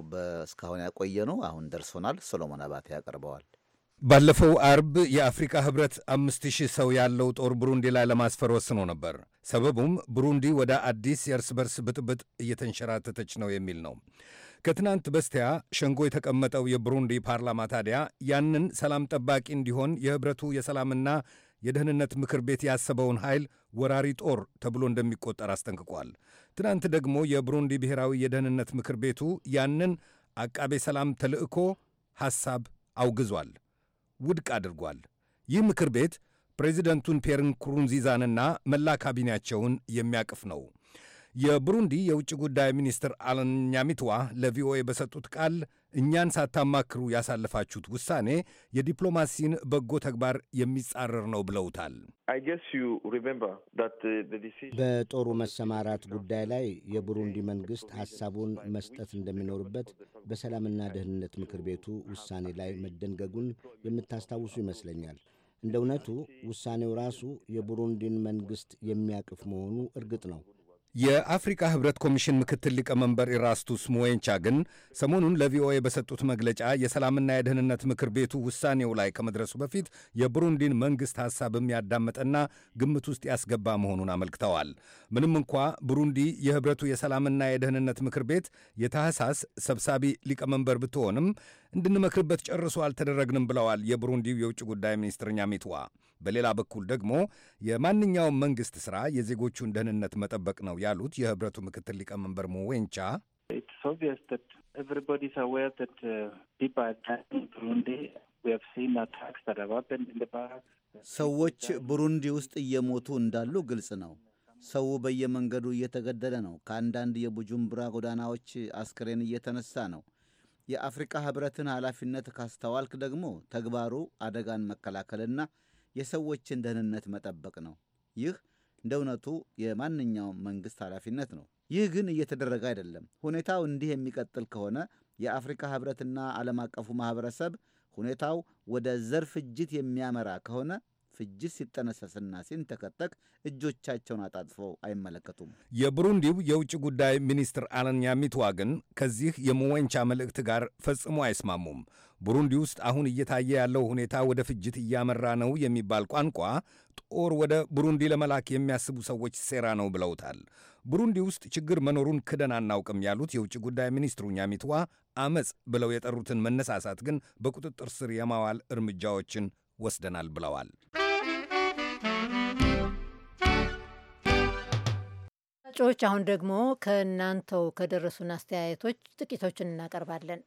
እስካሁን ያቆየነው አሁን ደርሶናል። ሶሎሞን አባቴ ያቀርበዋል። ባለፈው አርብ የአፍሪካ ህብረት አምስት ሺህ ሰው ያለው ጦር ብሩንዲ ላይ ለማስፈር ወስኖ ነበር። ሰበቡም ብሩንዲ ወደ አዲስ የእርስ በርስ ብጥብጥ እየተንሸራተተች ነው የሚል ነው። ከትናንት በስቲያ ሸንጎ የተቀመጠው የብሩንዲ ፓርላማ ታዲያ ያንን ሰላም ጠባቂ እንዲሆን የህብረቱ የሰላምና የደህንነት ምክር ቤት ያሰበውን ኃይል ወራሪ ጦር ተብሎ እንደሚቆጠር አስጠንቅቋል። ትናንት ደግሞ የብሩንዲ ብሔራዊ የደህንነት ምክር ቤቱ ያንን አቃቤ ሰላም ተልዕኮ ሐሳብ አውግዟል። ውድቅ አድርጓል። ይህ ምክር ቤት ፕሬዚደንቱን ፔርን ንኩሩንዚዛንና መላ ካቢኔያቸውን የሚያቅፍ ነው። የቡሩንዲ የውጭ ጉዳይ ሚኒስትር አለን ኛሚትዋ ለቪኦኤ በሰጡት ቃል እኛን ሳታማክሩ ያሳለፋችሁት ውሳኔ የዲፕሎማሲን በጎ ተግባር የሚጻረር ነው ብለውታል። uh, በጦሩ መሰማራት ጉዳይ ላይ የቡሩንዲ መንግስት ሀሳቡን መስጠት እንደሚኖርበት በሰላምና ደህንነት ምክር ቤቱ ውሳኔ ላይ መደንገጉን የምታስታውሱ ይመስለኛል። እንደ እውነቱ ውሳኔው ራሱ የቡሩንዲን መንግስት የሚያቅፍ መሆኑ እርግጥ ነው። የአፍሪካ ህብረት ኮሚሽን ምክትል ሊቀመንበር ኢራስቱስ ሙዌንቻ ግን ሰሞኑን ለቪኦኤ በሰጡት መግለጫ የሰላምና የደህንነት ምክር ቤቱ ውሳኔው ላይ ከመድረሱ በፊት የቡሩንዲን መንግሥት ሐሳብም ያዳመጠና ግምት ውስጥ ያስገባ መሆኑን አመልክተዋል። ምንም እንኳ ቡሩንዲ የህብረቱ የሰላምና የደህንነት ምክር ቤት የታህሳስ ሰብሳቢ ሊቀመንበር ብትሆንም እንድንመክርበት ጨርሶ አልተደረግንም ብለዋል የቡሩንዲው የውጭ ጉዳይ ሚኒስትር ኛሚትዋ በሌላ በኩል ደግሞ የማንኛውም መንግስት ስራ የዜጎቹን ደህንነት መጠበቅ ነው ያሉት የህብረቱ ምክትል ሊቀመንበር ሞዌንቻ uh, ሰዎች ቡሩንዲ ውስጥ እየሞቱ እንዳሉ ግልጽ ነው። ሰው በየመንገዱ እየተገደለ ነው። ከአንዳንድ የቡጁምብራ ጎዳናዎች አስክሬን እየተነሳ ነው። የአፍሪቃ ህብረትን ኃላፊነት ካስተዋልክ ደግሞ ተግባሩ አደጋን መከላከልና የሰዎችን ደህንነት መጠበቅ ነው። ይህ እንደ እውነቱ የማንኛውም መንግሥት ኃላፊነት ነው። ይህ ግን እየተደረገ አይደለም። ሁኔታው እንዲህ የሚቀጥል ከሆነ የአፍሪካ ሕብረትና ዓለም አቀፉ ማኅበረሰብ ሁኔታው ወደ ዘር ፍጅት የሚያመራ ከሆነ ፍጅት ሲጠነሰስና ሲንተከተክ እጆቻቸውን አጣጥፈው አይመለከቱም። የብሩንዲው የውጭ ጉዳይ ሚኒስትር አለን ያሚትዋ ግን ከዚህ የመወንቻ መልእክት ጋር ፈጽሞ አይስማሙም። ቡሩንዲ ውስጥ አሁን እየታየ ያለው ሁኔታ ወደ ፍጅት እያመራ ነው የሚባል ቋንቋ ጦር ወደ ብሩንዲ ለመላክ የሚያስቡ ሰዎች ሴራ ነው ብለውታል። ብሩንዲ ውስጥ ችግር መኖሩን ክደን አናውቅም ያሉት የውጭ ጉዳይ ሚኒስትሩ ኛሚትዋ አመፅ ብለው የጠሩትን መነሳሳት ግን በቁጥጥር ስር የማዋል እርምጃዎችን ወስደናል ብለዋል። አድማጮች፣ አሁን ደግሞ ከእናንተው ከደረሱን አስተያየቶች ጥቂቶችን እናቀርባለን።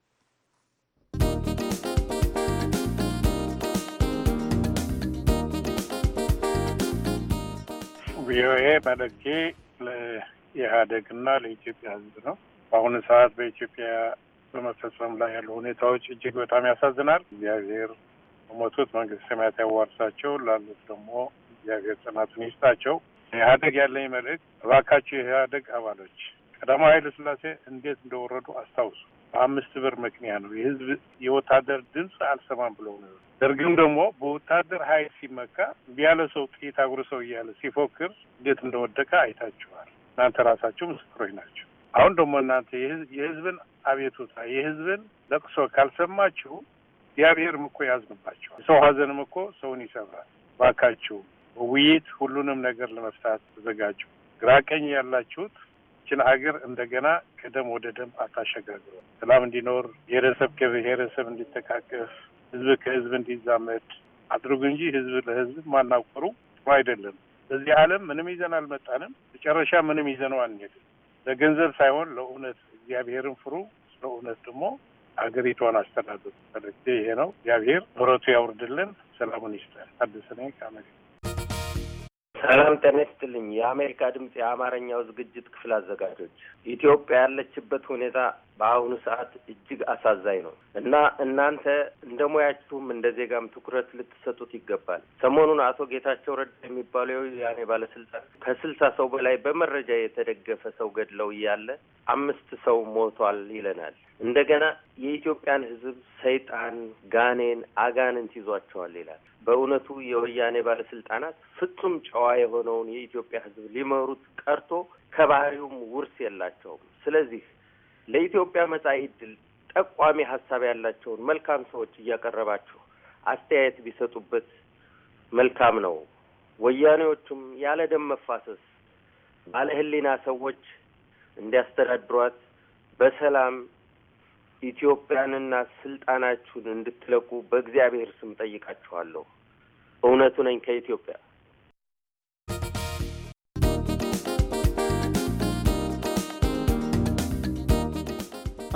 ቪኦኤ መልእክቴ ለኢህአዴግና ለኢትዮጵያ ሕዝብ ነው። በአሁኑ ሰዓት በኢትዮጵያ በመፈጸም ላይ ያሉ ሁኔታዎች እጅግ በጣም ያሳዝናል። እግዚአብሔር በሞቱት መንግስት ሰማያት ያዋርሳቸው፣ ላሉት ደግሞ እግዚአብሔር ጽናቱን ይስጣቸው። ኢህአደግ ያለኝ መልእክት እባካችሁ የኢህአዴግ አባሎች ቀዳማዊ ኃይለ ስላሴ እንዴት እንደወረዱ አስታውሱ። በአምስት ብር ምክንያት ነው። የህዝብ የወታደር ድምፅ አልሰማም ብለው ነው። ደርግም ደግሞ በወታደር ኃይል ሲመካ ቢያለ ሰው ጥይት አጉር ሰው እያለ ሲፎክር እንዴት እንደወደቀ አይታችኋል። እናንተ ራሳችሁ ምስክሮች ናቸው። አሁን ደግሞ እናንተ የህዝብን አቤቱታ የህዝብን ለቅሶ ካልሰማችሁ እግዚአብሔርም እኮ ያዝንባቸዋል። የሰው ሀዘንም እኮ ሰውን ይሰብራል። ባካችሁ በውይይት ሁሉንም ነገር ለመፍታት ተዘጋጁ። ግራ ቀኝ ያላችሁት ችን ሀገር እንደገና ከደም ወደ ደም አታሸጋግሩ። ሰላም እንዲኖር ብሔረሰብ ከብሔረሰብ እንዲተቃቀፍ፣ ህዝብ ከህዝብ እንዲዛመድ አድርጉ እንጂ ህዝብ ለህዝብ ማናቆሩ ጥሩ አይደለም። በዚህ ዓለም ምንም ይዘን አልመጣንም። መጨረሻ ምንም ይዘነው አንሄድም። ለገንዘብ ሳይሆን ለእውነት እግዚአብሔርን ፍሩ። ለእውነት ደግሞ ሀገሪቷን አስተዳደሩ። ይሄ ነው። እግዚአብሔር ምሕረቱ ያውርድልን፣ ሰላሙን ይስጠን። አዲስ ነኝ ከአሜሪካ ሰላም ጤና ይስጥልኝ። የአሜሪካ ድምፅ የአማርኛው ዝግጅት ክፍል አዘጋጆች፣ ኢትዮጵያ ያለችበት ሁኔታ በአሁኑ ሰዓት እጅግ አሳዛኝ ነው እና እናንተ እንደ ሙያችሁም እንደ ዜጋም ትኩረት ልትሰጡት ይገባል። ሰሞኑን አቶ ጌታቸው ረዳ የሚባሉ የወያኔ ባለስልጣን ከስልሳ ሰው በላይ በመረጃ የተደገፈ ሰው ገድለው እያለ አምስት ሰው ሞቷል ይለናል። እንደገና የኢትዮጵያን ሕዝብ ሰይጣን፣ ጋኔን፣ አጋንንት ይዟቸዋል ይላል። በእውነቱ የወያኔ ባለስልጣናት ፍጹም ጨዋ የሆነውን የኢትዮጵያ ሕዝብ ሊመሩት ቀርቶ ከባህሪውም ውርስ የላቸውም። ስለዚህ ለኢትዮጵያ መጻኢ ዕድል ጠቋሚ ሀሳብ ያላቸውን መልካም ሰዎች እያቀረባችሁ አስተያየት ቢሰጡበት መልካም ነው። ወያኔዎቹም ያለ ደም መፋሰስ ባለ ሕሊና ሰዎች እንዲያስተዳድሯት በሰላም ኢትዮጵያንና ስልጣናችሁን እንድትለቁ በእግዚአብሔር ስም ጠይቃችኋለሁ። እውነቱ ነኝ ከኢትዮጵያ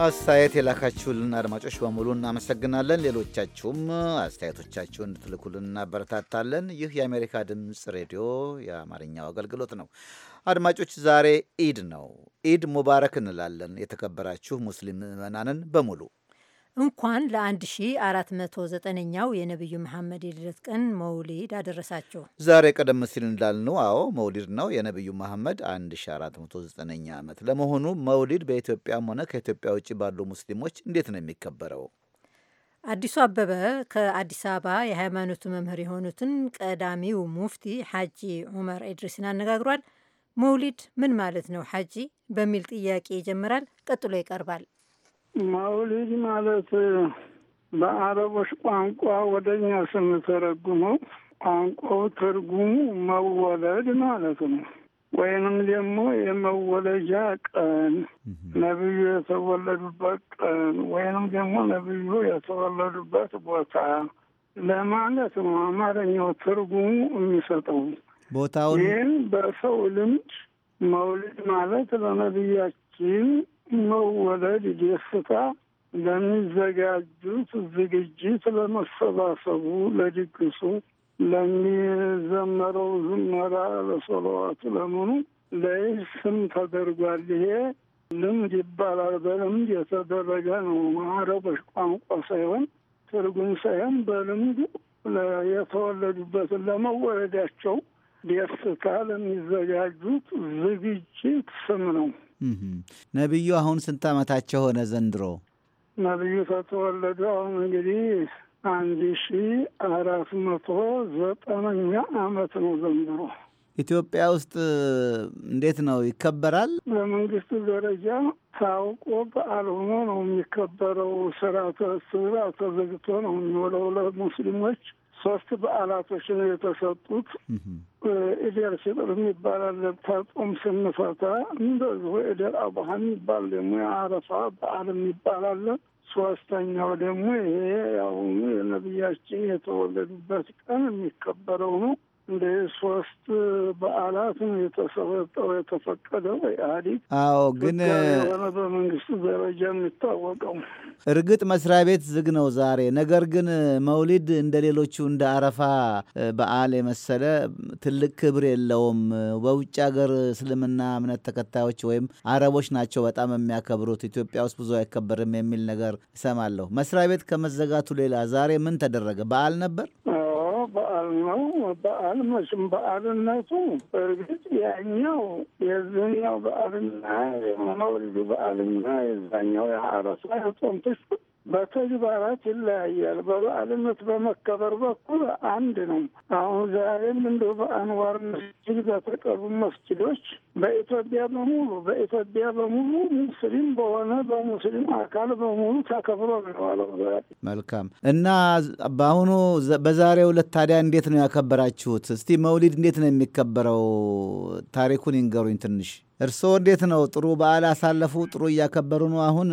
አስተያየት የላካችሁልን አድማጮች በሙሉ እናመሰግናለን። ሌሎቻችሁም አስተያየቶቻችሁ እንድትልኩልን እናበረታታለን። ይህ የአሜሪካ ድምፅ ሬዲዮ የአማርኛው አገልግሎት ነው። አድማጮች ዛሬ ኢድ ነው። ኢድ ሙባረክ እንላለን የተከበራችሁ ሙስሊም ምዕመናንን በሙሉ እንኳን ለ1409ኛው የነቢዩ መሐመድ የልደት ቀን መውሊድ አደረሳቸው። ዛሬ ቀደም ሲል እንዳልነው አዎ መውሊድ ነው የነቢዩ መሐመድ 1409ኛ ዓመት። ለመሆኑ መውሊድ በኢትዮጵያም ሆነ ከኢትዮጵያ ውጭ ባሉ ሙስሊሞች እንዴት ነው የሚከበረው? አዲሱ አበበ ከአዲስ አበባ የሃይማኖቱ መምህር የሆኑትን ቀዳሚው ሙፍቲ ሐጂ ዑመር ኤድሪስን አነጋግሯል። መውሊድ ምን ማለት ነው ሐጂ በሚል ጥያቄ ይጀምራል። ቀጥሎ ይቀርባል። መውሊድ ማለት በአረቦች ቋንቋ ወደኛ ስንተረጉመው ቋንቋው ትርጉሙ መወለድ ማለት ነው። ወይንም ደግሞ የመወለጃ ቀን፣ ነብዩ የተወለዱበት ቀን ወይንም ደግሞ ነብዩ የተወለዱበት ቦታ ለማለት ነው። አማርኛው ትርጉሙ የሚሰጠው ቦታውን ይህን በሰው ልምድ መውሊድ ማለት ለነቢያችን መወለድ ደስታ ለሚዘጋጁት ዝግጅት ለመሰባሰቡ፣ ለድግሱ፣ ለሚዘመረው ዝመራ፣ ለሰለዋቱ፣ ለምኑ ለይህ ስም ተደርጓል። ይሄ ልምድ ይባላል። በልምድ የተደረገ ነው። አረቦች ቋንቋ ሳይሆን ትርጉም ሳይሆን በልምድ የተወለዱበትን ለመወለዳቸው ደስታ ለሚዘጋጁት ዝግጅት ስም ነው። ነቢዩ አሁን ስንት ዓመታቸው ሆነ ዘንድሮ? ነቢዩ ከተወለዱ አሁን እንግዲህ አንድ ሺ አራት መቶ ዘጠነኛ ዓመት ነው ዘንድሮ። ኢትዮጵያ ውስጥ እንዴት ነው ይከበራል? በመንግስት ደረጃ ታውቆ በዓል ሆኖ ነው የሚከበረው። ስርዓተ ተዘግቶ ነው የሚውለው ለሙስሊሞች ሶስት በዓላቶች ነው የተሰጡት። ኢዴር ሲጥር የሚባል አለ ስንፈታ፣ እንደዚሁ ኢዴር አብሃን የሚባል ደግሞ የአረፋ በዓል የሚባላለ ሶስተኛው ደግሞ ይሄ ያሁኑ የነቢያችን የተወለዱበት ቀን የሚከበረው ነው። እንደ ሶስት በዓላትም የተሰረጠው የተፈቀደው ኢህአዲግ። አዎ፣ ግን የሆነ በመንግስት ደረጃ የሚታወቀው እርግጥ መስሪያ ቤት ዝግ ነው ዛሬ። ነገር ግን መውሊድ እንደ ሌሎቹ እንደ አረፋ በዓል የመሰለ ትልቅ ክብር የለውም። በውጭ ሀገር እስልምና እምነት ተከታዮች ወይም አረቦች ናቸው በጣም የሚያከብሩት፣ ኢትዮጵያ ውስጥ ብዙ አይከበርም የሚል ነገር እሰማለሁ። መስሪያ ቤት ከመዘጋቱ ሌላ ዛሬ ምን ተደረገ? በዓል ነበር። በዓል ነው። በዓል መቼም በዓልነቱ በእርግጥ ያኛው የዚህኛው በዓልና የመውሊዱ በዓልና የዛኛው የአረፋ የጾም በተግባራት ይለያያል። በበዓልነት በመከበር በኩል አንድ ነው። አሁን ዛሬም እንደ በአንዋር መስጅድ በተቀሩ መስጅዶች በኢትዮጵያ በሙሉ በኢትዮጵያ በሙሉ ሙስሊም በሆነ በሙስሊም አካል በሙሉ ተከብሮ ነው መልካም እና በአሁኑ በዛሬው ዕለት ታዲያ እንዴት ነው ያከበራችሁት? እስቲ መውሊድ እንዴት ነው የሚከበረው? ታሪኩን ይንገሩኝ ትንሽ እርስዎ እንዴት ነው? ጥሩ በዓል አሳለፉ? ጥሩ እያከበሩ ነው? አሁን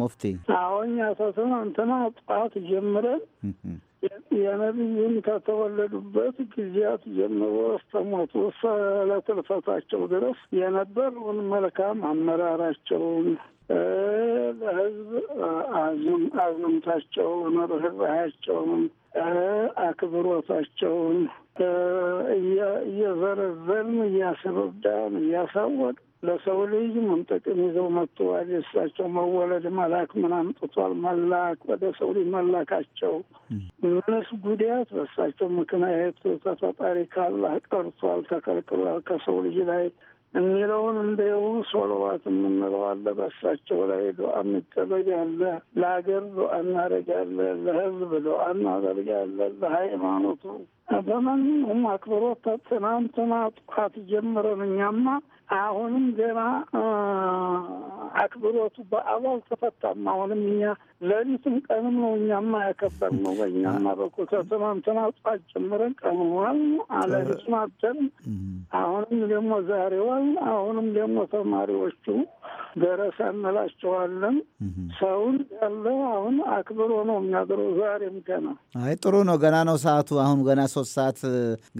ሙፍቲ አሁኛ ሰሰን አንተና ጥዋት ጀምረን የነቢዩን ከተወለዱበት ጊዜያት ጀምሮ እስተሞቱ ስለትልፈታቸው ድረስ የነበረውን መልካም አመራራቸውን ለህዝብ አዝም አዝምታቸውን ርኅራኄያቸውን አክብሮታቸውን እየዘረዘርን እያስረዳን እያሳወቅ ለሰው ልጅ ምን ጥቅም ይዘው መጥተዋል፣ የእሳቸው መወለድ መላክ ምን አምጥቷል፣ መላክ ወደ ሰው ልጅ መላካቸው ምንስ ጉዳት በእሳቸው ምክንያት ተፈጣሪ ካላህ ቀርቷል፣ ተከልክሏል ከሰው ልጅ ላይ የሚለውን እንደው ሶለዋት የምንለው አለ። በሳቸው ላይ ዱዓ የሚደረግ አለ። ለሀገር ዱዓ እናደርጋለን። ለህዝብ ዱዓ እናደርጋለን። ለሃይማኖቱ በማንኛውም አክብሮ ትናንትና ጥቃት ጀምረን እኛማ አሁንም ገና አክብሮቱ በአባል ተፈታም። አሁንም እኛ ለሊትም ቀንም ነው እኛማ ያከበር ነው። በእኛማ በኩል ከትናንትና ጥዋት ጀምረን ቀንዋል፣ ሌሊቱን አደርን። አሁንም ደግሞ ዛሬዋል። አሁንም ደግሞ ተማሪዎቹ ደረሰ እንላቸዋለን። ሰውን ያለ አሁን አክብሮ ነው የሚያገረው። ዛሬም ገና አይ ጥሩ ነው። ገና ነው ሰዓቱ። አሁን ገና ሶስት ሰዓት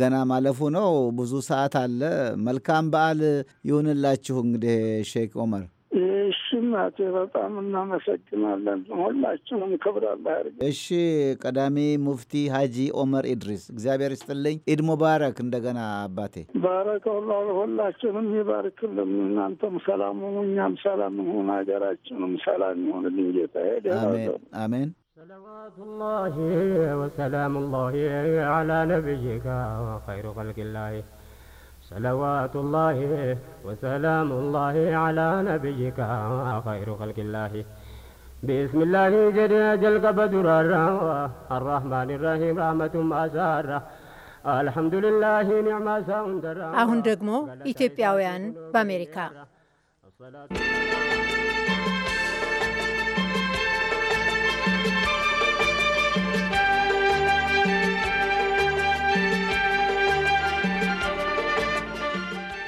ገና ማለፉ ነው። ብዙ ሰዓት አለ። መልካም በዓል ይሁንላችሁ እንግዲህ ሼክ ኦመር ናቸው። በጣም እናመሰግናለን። ሁላችንም ክብራላ ያርግ። እሺ ቀዳሚ ሙፍቲ ሀጂ ኦመር ኢድሪስ እግዚአብሔር ይስጥልኝ። ኢድ ሙባረክ። እንደገና አባቴ ባረከ ላ ሁላችንም ይባርክልን። እናንተም ሰላም ሁኑ፣ እኛም ሰላም ሁን፣ ሀገራችንም ሰላም ይሁንልኝ። ጌታ አሜን አሜን። الله وسلام الله على نبيك وخير خلق الله صلوات الله وسلام الله على نبيك خير خلق الله بسم الله جل جل قبدر الرحمن الرحيم رحمة ما አልሐምዱሊላህ ኒዕማ ሳውንደራ አሁን إثيوبيا ኢትዮጵያውያን بأمريكا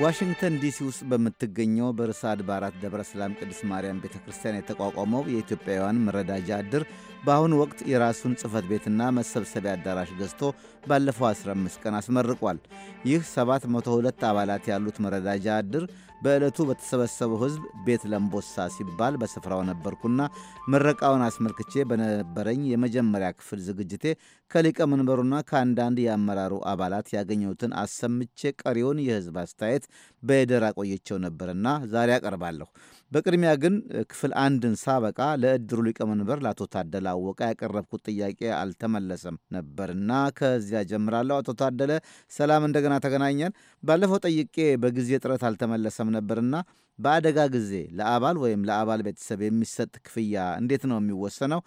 ዋሽንግተን ዲሲ ውስጥ በምትገኘው በርዕሰ አድባራት ደብረ ሰላም ቅድስት ማርያም ቤተ ክርስቲያን የተቋቋመው የኢትዮጵያውያን መረዳጃ እድር በአሁኑ ወቅት የራሱን ጽህፈት ቤትና መሰብሰቢያ አዳራሽ ገዝቶ ባለፈው 15 ቀን አስመርቋል። ይህ 702 አባላት ያሉት መረዳጃ እድር በዕለቱ በተሰበሰበው ሕዝብ ቤት ለምቦሳ ሲባል በስፍራው ነበርኩና ምረቃውን አስመልክቼ በነበረኝ የመጀመሪያ ክፍል ዝግጅቴ ከሊቀ መንበሩና ከአንዳንድ የአመራሩ አባላት ያገኘሁትን አሰምቼ ቀሪውን የሕዝብ አስተያየት በየደራ ቆየቸው ነበርና ዛሬ አቀርባለሁ። በቅድሚያ ግን ክፍል አንድን ሳበቃ ለእድሩ ሊቀመንበር ለአቶ ታደለ አወቀ ያቀረብኩት ጥያቄ አልተመለሰም ነበርና ከዚያ ጀምራለሁ። አቶ ታደለ ሰላም፣ እንደገና ተገናኘን። ባለፈው ጠይቄ በጊዜ ጥረት አልተመለሰም ነበርና በአደጋ ጊዜ ለአባል ወይም ለአባል ቤተሰብ የሚሰጥ ክፍያ እንዴት ነው የሚወሰነው?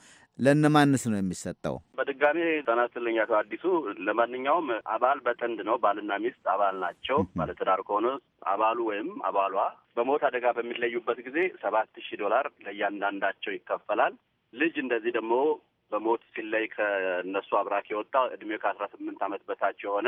ለእነማንስ ነው የሚሰጠው? በድጋሚ ጤና ይስጥልኝ አቶ አዲሱ። ለማንኛውም አባል በጥንድ ነው። ባልና ሚስት አባል ናቸው። ባለትዳር ከሆነ አባሉ ወይም አባሏ በሞት አደጋ በሚለዩበት ጊዜ ሰባት ሺህ ዶላር ለእያንዳንዳቸው ይከፈላል። ልጅ እንደዚህ ደግሞ በሞት ሲለይ ከእነሱ አብራክ የወጣ እድሜው ከአስራ ስምንት ዓመት በታች የሆነ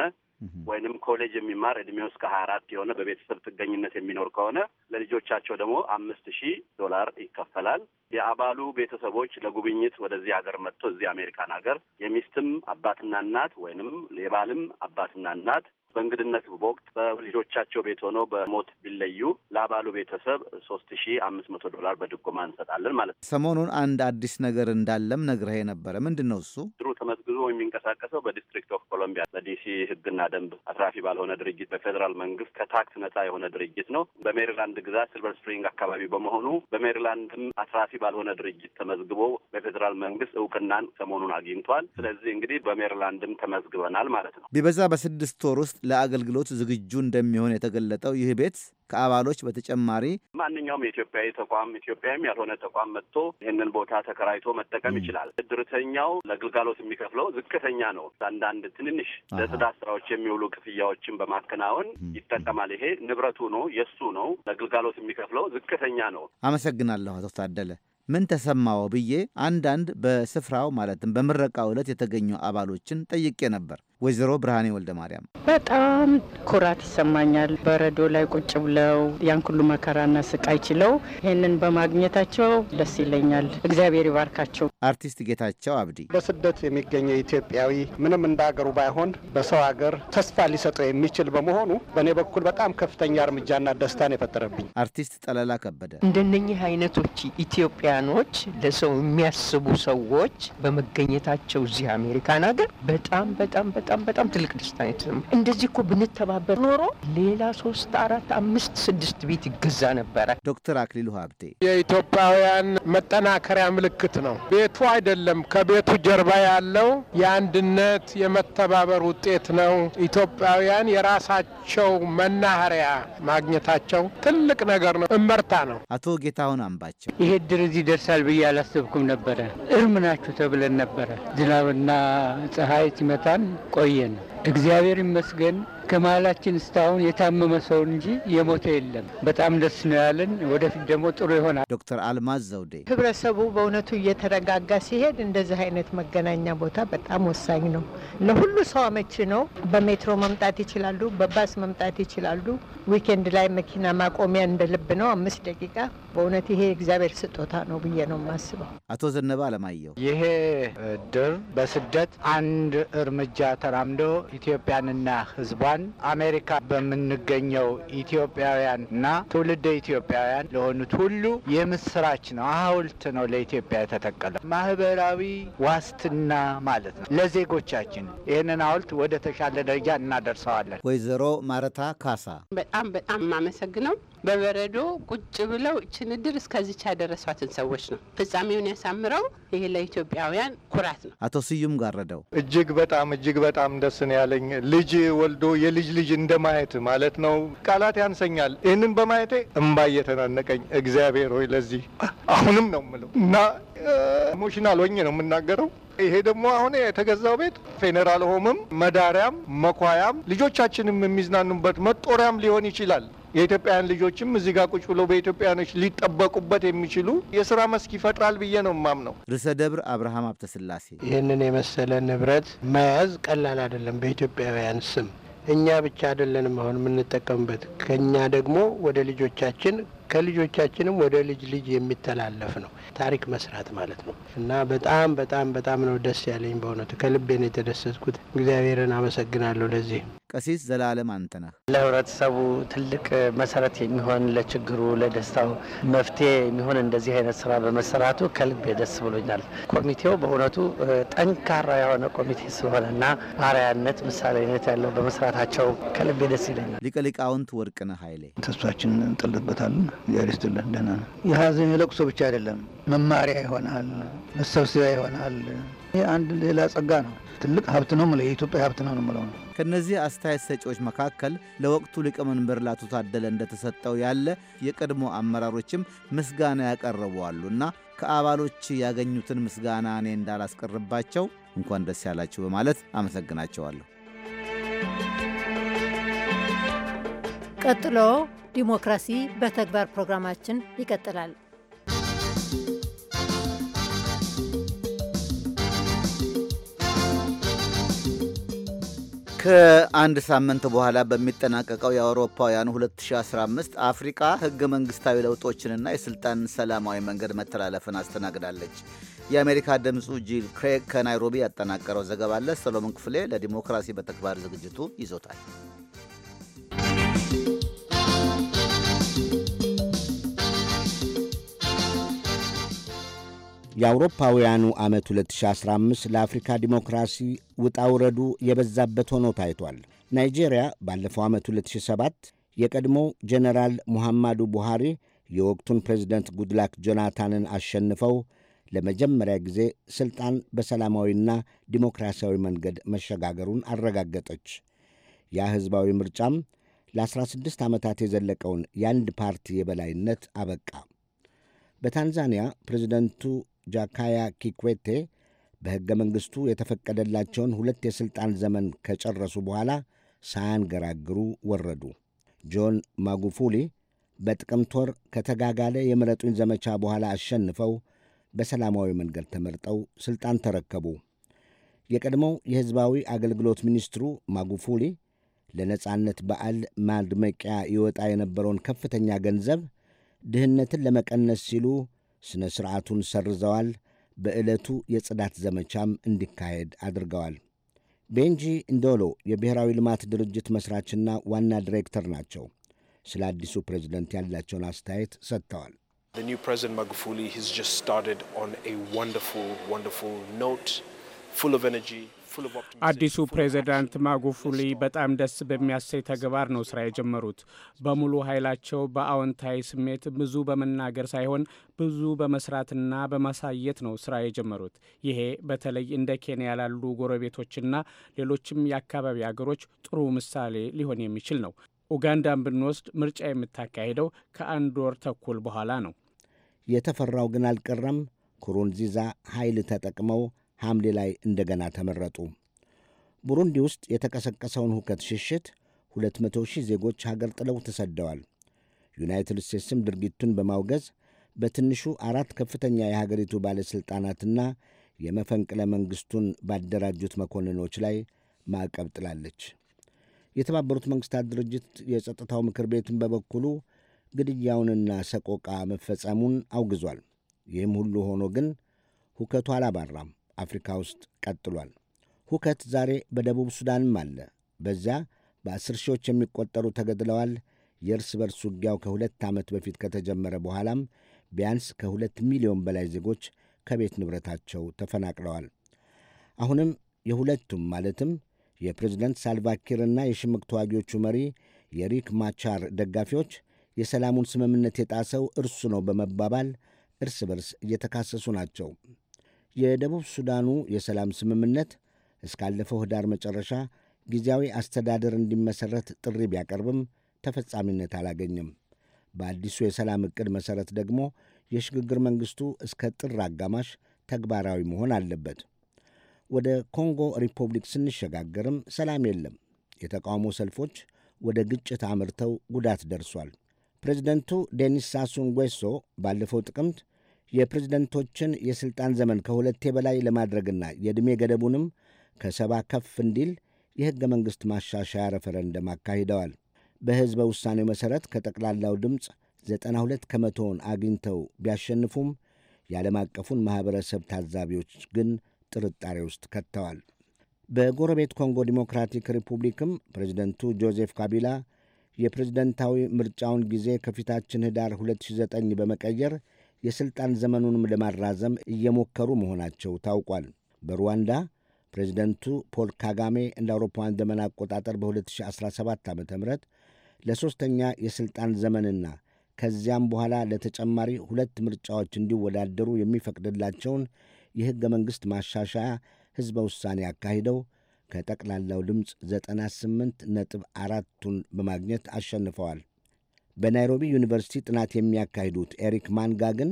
ወይንም ኮሌጅ የሚማር እድሜው እስከ ሀያ አራት የሆነ በቤተሰብ ጥገኝነት የሚኖር ከሆነ ለልጆቻቸው ደግሞ አምስት ሺህ ዶላር ይከፈላል። የአባሉ ቤተሰቦች ለጉብኝት ወደዚህ ሀገር መጥቶ እዚህ አሜሪካን ሀገር የሚስትም አባትና እናት ወይንም የባልም አባትና እናት በእንግድነት ወቅት በልጆቻቸው ቤት ሆነው በሞት ቢለዩ ለአባሉ ቤተሰብ ሶስት ሺ አምስት መቶ ዶላር በድጎማ እንሰጣለን ማለት ነው። ሰሞኑን አንድ አዲስ ነገር እንዳለም ነግረህ የነበረ ምንድን ነው እሱ? ድሩ ተመዝግዞ የሚንቀሳቀሰው በዲስትሪክት ኦፍ ኮሎምቢያ በዲሲ ህግና ደንብ አትራፊ ባልሆነ ድርጅት በፌዴራል መንግስት ከታክስ ነጻ የሆነ ድርጅት ነው። በሜሪላንድ ግዛት ሲልቨር ስፕሪንግ አካባቢ በመሆኑ በሜሪላንድም አትራፊ ባልሆነ ድርጅት ተመዝግቦ በፌዴራል መንግስት እውቅናን ሰሞኑን አግኝቷል። ስለዚህ እንግዲህ በሜሪላንድም ተመዝግበናል ማለት ነው። ቢበዛ በስድስት ወር ውስጥ ለአገልግሎት ዝግጁ እንደሚሆን የተገለጠው ይህ ቤት ከአባሎች በተጨማሪ ማንኛውም የኢትዮጵያዊ ተቋም ኢትዮጵያም ያልሆነ ተቋም መጥቶ ይህንን ቦታ ተከራይቶ መጠቀም ይችላል። እድርተኛው ለግልጋሎት የሚከፍለው ዝቅተኛ ነው። አንዳንድ ትንንሽ ለጽዳት ስራዎች የሚውሉ ክፍያዎችን በማከናወን ይጠቀማል። ይሄ ንብረቱ ነው፣ የእሱ ነው። ለግልጋሎት የሚከፍለው ዝቅተኛ ነው። አመሰግናለሁ አቶ ታደለ። ምን ተሰማው ብዬ አንዳንድ በስፍራው ማለትም በምረቃ ዕለት የተገኙ አባሎችን ጠይቄ ነበር። ወይዘሮ ብርሃኔ ወልደ ማርያም በጣም ኩራት ይሰማኛል። በረዶ ላይ ቁጭ ብለው ያን ሁሉ መከራና ስቃይ ችለው ይህንን በማግኘታቸው ደስ ይለኛል። እግዚአብሔር ይባርካቸው። አርቲስት ጌታቸው አብዲ በስደት የሚገኘ ኢትዮጵያዊ ምንም እንደ ሀገሩ ባይሆን በሰው ሀገር ተስፋ ሊሰጠው የሚችል በመሆኑ በእኔ በኩል በጣም ከፍተኛ እርምጃና ደስታን የፈጠረብኝ አርቲስት ጠለላ ከበደ እንደነኚህ አይነቶች ኢትዮጵያ ኢትዮጵያኖች ለሰው የሚያስቡ ሰዎች በመገኘታቸው እዚህ አሜሪካን ሀገር በጣም በጣም በጣም በጣም ትልቅ ደስታ ነው የተሰማ። እንደዚህ እኮ ብንተባበር ኖሮ ሌላ ሶስት አራት አምስት ስድስት ቤት ይገዛ ነበረ። ዶክተር አክሊሉ ሀብቴ የኢትዮጵያውያን መጠናከሪያ ምልክት ነው። ቤቱ አይደለም፣ ከቤቱ ጀርባ ያለው የአንድነት የመተባበር ውጤት ነው። ኢትዮጵያውያን የራሳቸው መናኸሪያ ማግኘታቸው ትልቅ ነገር ነው፣ እመርታ ነው። አቶ ጌታሁን አምባቸው ይሄ ድር ይደርሳል ብዬ አላሰብኩም ነበረ። እርም ናችሁ ተብለን ነበረ። ዝናብና ፀሐይ ሲመታን ቆየን። እግዚአብሔር ይመስገን ከመሀላችን እስካሁን የታመመ ሰው እንጂ የሞተ የለም። በጣም ደስ ነው ያለን። ወደፊት ደግሞ ጥሩ ይሆናል። ዶክተር አልማዝ ዘውዴ ህብረተሰቡ በእውነቱ እየተረጋጋ ሲሄድ እንደዚህ አይነት መገናኛ ቦታ በጣም ወሳኝ ነው። ለሁሉ ሰው አመቺ ነው። በሜትሮ መምጣት ይችላሉ፣ በባስ መምጣት ይችላሉ። ዊኬንድ ላይ መኪና ማቆሚያ እንደ ልብ ነው። አምስት ደቂቃ በእውነት ይሄ እግዚአብሔር ስጦታ ነው ብዬ ነው የማስበው። አቶ ዘነበ አለማየሁ ይሄ ድር በስደት አንድ እርምጃ ተራምዶ ኢትዮጵያንና ሕዝቧን አሜሪካ በምንገኘው ኢትዮጵያውያንና ትውልደ ኢትዮጵያውያን ለሆኑት ሁሉ የምስራች ነው፣ ሐውልት ነው ለኢትዮጵያ የተተቀለ ማህበራዊ ዋስትና ማለት ነው ለዜጎቻችን። ይህንን ሐውልት ወደ ተሻለ ደረጃ እናደርሰዋለን። ወይዘሮ ማረታ ካሳ በጣም በጣም የማመሰግነው በበረዶ ቁጭ ብለው እችን እስከዚች ያደረሷትን ሰዎች ነው። ፍጻሜውን ያሳምረው። ይህ ለኢትዮጵያውያን ኩራት ነው። አቶ ስዩም ጋረደው እጅግ በጣም እጅግ በጣም ደስ ነው ያለኝ። ልጅ ወልዶ የልጅ ልጅ እንደ ማየት ማለት ነው። ቃላት ያንሰኛል። ይህንን በማየቴ እምባ እየተናነቀኝ እግዚአብሔር ሆይ ለዚህ አሁንም ነው ምለው እና ኢሞሽናል ሆኜ ነው የምናገረው። ይሄ ደግሞ አሁን የተገዛው ቤት ፌኔራል ሆምም መዳሪያም መኳያም ልጆቻችንም የሚዝናኑበት መጦሪያም ሊሆን ይችላል። የኢትዮጵያውያን ልጆችም እዚህ ጋር ቁጭ ብለው በኢትዮጵያውያኖች ሊጠበቁበት የሚችሉ የስራ መስክ ይፈጥራል ብዬ ነው የማምነው። ርዕሰ ደብር አብርሃም ሀብተስላሴ ይህንን የመሰለ ንብረት መያዝ ቀላል አይደለም። በኢትዮጵያውያን ስም እኛ ብቻ አይደለንም አሁን የምንጠቀምበት ከእኛ ደግሞ ወደ ልጆቻችን ከልጆቻችንም ወደ ልጅ ልጅ የሚተላለፍ ነው። ታሪክ መስራት ማለት ነው እና በጣም በጣም በጣም ነው ደስ ያለኝ። በእውነቱ ከልቤ ነው የተደሰትኩት። እግዚአብሔርን አመሰግናለሁ ለዚህ ቀሲስ ዘላለም አንተነህ ለህብረተሰቡ ትልቅ መሰረት የሚሆን ለችግሩ፣ ለደስታው መፍትሄ የሚሆን እንደዚህ አይነት ስራ በመሰራቱ ከልብ ደስ ብሎኛል። ኮሚቴው በእውነቱ ጠንካራ የሆነ ኮሚቴ ስለሆነና አርያነት ምሳሌነት ያለው በመስራታቸው ከልብ ደስ ይለኛል። ሊቀሊቃውንት ሊቃውንት ወርቅነህ ኃይሌ ተስፋችን እንጥልበታለን። እግዚአብሔር ይስጥልን። ደህና ነው። የሀዘን የለቅሶ ብቻ አይደለም፣ መማሪያ ይሆናል፣ መሰብሰቢያ ይሆናል። ይህ አንድ ሌላ ጸጋ ነው። ትልቅ ሀብት ነው የምለው የኢትዮጵያ ሀብት ነው ነው ከእነዚህ አስተያየት ሰጪዎች መካከል ለወቅቱ ሊቀመንበር ላቱ ታደለ እንደተሰጠው ያለ የቀድሞ አመራሮችም ምስጋና ያቀረቡ አሉና ከአባሎች ያገኙትን ምስጋና እኔ እንዳላስቀርባቸው እንኳን ደስ ያላችሁ በማለት አመሰግናቸዋለሁ። ቀጥሎ ዲሞክራሲ በተግባር ፕሮግራማችን ይቀጥላል። ከአንድ ሳምንት በኋላ በሚጠናቀቀው የአውሮፓውያኑ 2015 አፍሪቃ ህገ መንግስታዊ ለውጦችንና የስልጣን ሰላማዊ መንገድ መተላለፍን አስተናግዳለች። የአሜሪካ ድምፁ ጂል ክሬግ ከናይሮቢ ያጠናቀረው ዘገባ አለ። ሰሎሞን ክፍሌ ለዲሞክራሲ በተግባር ዝግጅቱ ይዞታል። የአውሮፓውያኑ ዓመት 2015 ለአፍሪካ ዲሞክራሲ ውጣውረዱ የበዛበት ሆኖ ታይቷል። ናይጄሪያ ባለፈው ዓመት 2007 የቀድሞው ጀነራል ሙሐማዱ ቡሃሪ የወቅቱን ፕሬዚደንት ጉድላክ ጆናታንን አሸንፈው ለመጀመሪያ ጊዜ ሥልጣን በሰላማዊና ዲሞክራሲያዊ መንገድ መሸጋገሩን አረጋገጠች። ያ ሕዝባዊ ምርጫም ለ16 ዓመታት የዘለቀውን የአንድ ፓርቲ የበላይነት አበቃ። በታንዛኒያ ፕሬዚደንቱ ጃካያ ኪክዌቴ በሕገ መንግሥቱ የተፈቀደላቸውን ሁለት የሥልጣን ዘመን ከጨረሱ በኋላ ሳያንገራግሩ ወረዱ። ጆን ማጉፉሊ በጥቅምት ወር ከተጋጋለ የምረጡኝ ዘመቻ በኋላ አሸንፈው በሰላማዊ መንገድ ተመርጠው ሥልጣን ተረከቡ። የቀድሞው የሕዝባዊ አገልግሎት ሚኒስትሩ ማጉፉሊ ለነጻነት በዓል ማድመቂያ ይወጣ የነበረውን ከፍተኛ ገንዘብ ድህነትን ለመቀነስ ሲሉ ሥነ ሥርዓቱን ሰርዘዋል። በዕለቱ የጽዳት ዘመቻም እንዲካሄድ አድርገዋል። ቤንጂ እንዶሎ የብሔራዊ ልማት ድርጅት መሥራችና ዋና ዲሬክተር ናቸው። ስለ አዲሱ ፕሬዝደንት ያላቸውን አስተያየት ሰጥተዋል። አዲሱ ፕሬዚዳንት ማጉፉሊ በጣም ደስ በሚያሰኝ ተግባር ነው ስራ የጀመሩት። በሙሉ ኃይላቸው በአዎንታዊ ስሜት ብዙ በመናገር ሳይሆን ብዙ በመስራትና በማሳየት ነው ስራ የጀመሩት። ይሄ በተለይ እንደ ኬንያ ላሉ ጎረቤቶችና ሌሎችም የአካባቢ ሀገሮች ጥሩ ምሳሌ ሊሆን የሚችል ነው። ኡጋንዳን ብንወስድ ምርጫ የምታካሄደው ከአንድ ወር ተኩል በኋላ ነው። የተፈራው ግን አልቀረም። ኩሩንዚዛ ኃይል ተጠቅመው ሐምሌ ላይ እንደገና ተመረጡ። ቡሩንዲ ውስጥ የተቀሰቀሰውን ሁከት ሽሽት 200 ሺህ ዜጎች ሀገር ጥለው ተሰደዋል። ዩናይትድ ስቴትስም ድርጊቱን በማውገዝ በትንሹ አራት ከፍተኛ የሀገሪቱ ባለሥልጣናትና የመፈንቅለ መንግሥቱን ባደራጁት መኮንኖች ላይ ማዕቀብ ጥላለች። የተባበሩት መንግሥታት ድርጅት የጸጥታው ምክር ቤትን በበኩሉ ግድያውንና ሰቆቃ መፈጸሙን አውግዟል። ይህም ሁሉ ሆኖ ግን ሁከቱ አላባራም። አፍሪካ ውስጥ ቀጥሏል። ሁከት ዛሬ በደቡብ ሱዳንም አለ። በዚያ በአስር ሺዎች የሚቆጠሩ ተገድለዋል። የእርስ በርስ ውጊያው ከሁለት ዓመት በፊት ከተጀመረ በኋላም ቢያንስ ከሁለት ሚሊዮን በላይ ዜጎች ከቤት ንብረታቸው ተፈናቅለዋል። አሁንም የሁለቱም ማለትም የፕሬዝደንት ሳልቫኪርና የሽምቅ ተዋጊዎቹ መሪ የሪክ ማቻር ደጋፊዎች የሰላሙን ስምምነት የጣሰው እርሱ ነው በመባባል እርስ በርስ እየተካሰሱ ናቸው። የደቡብ ሱዳኑ የሰላም ስምምነት እስካለፈው ህዳር መጨረሻ ጊዜያዊ አስተዳደር እንዲመሠረት ጥሪ ቢያቀርብም ተፈጻሚነት አላገኘም። በአዲሱ የሰላም ዕቅድ መሠረት ደግሞ የሽግግር መንግሥቱ እስከ ጥር አጋማሽ ተግባራዊ መሆን አለበት። ወደ ኮንጎ ሪፐብሊክ ስንሸጋገርም ሰላም የለም። የተቃውሞ ሰልፎች ወደ ግጭት አምርተው ጉዳት ደርሷል። ፕሬዚደንቱ ዴኒስ ሳሱን ጉዌሶ ባለፈው ጥቅምት የፕሬዝደንቶችን የሥልጣን ዘመን ከሁለቴ በላይ ለማድረግና የዕድሜ ገደቡንም ከሰባ ከፍ እንዲል የሕገ መንግሥት ማሻሻያ ረፈረንደም አካሂደዋል። በሕዝበ ውሳኔው መሠረት ከጠቅላላው ድምፅ 92 ከመቶውን አግኝተው ቢያሸንፉም የዓለም አቀፉን ማኅበረሰብ ታዛቢዎች ግን ጥርጣሬ ውስጥ ከተዋል። በጎረቤት ኮንጎ ዲሞክራቲክ ሪፑብሊክም ፕሬዚደንቱ ጆዜፍ ካቢላ የፕሬዝደንታዊ ምርጫውን ጊዜ ከፊታችን ኅዳር 2009 በመቀየር የሥልጣን ዘመኑንም ለማራዘም እየሞከሩ መሆናቸው ታውቋል። በሩዋንዳ ፕሬዚደንቱ ፖል ካጋሜ እንደ አውሮፓውያን ዘመን አቆጣጠር በ2017 ዓ ም ለሦስተኛ የሥልጣን ዘመንና ከዚያም በኋላ ለተጨማሪ ሁለት ምርጫዎች እንዲወዳደሩ የሚፈቅድላቸውን የሕገ መንግሥት ማሻሻያ ሕዝበ ውሳኔ አካሂደው ከጠቅላላው ድምፅ 98 ነጥብ አራቱን በማግኘት አሸንፈዋል። በናይሮቢ ዩኒቨርሲቲ ጥናት የሚያካሂዱት ኤሪክ ማንጋ ግን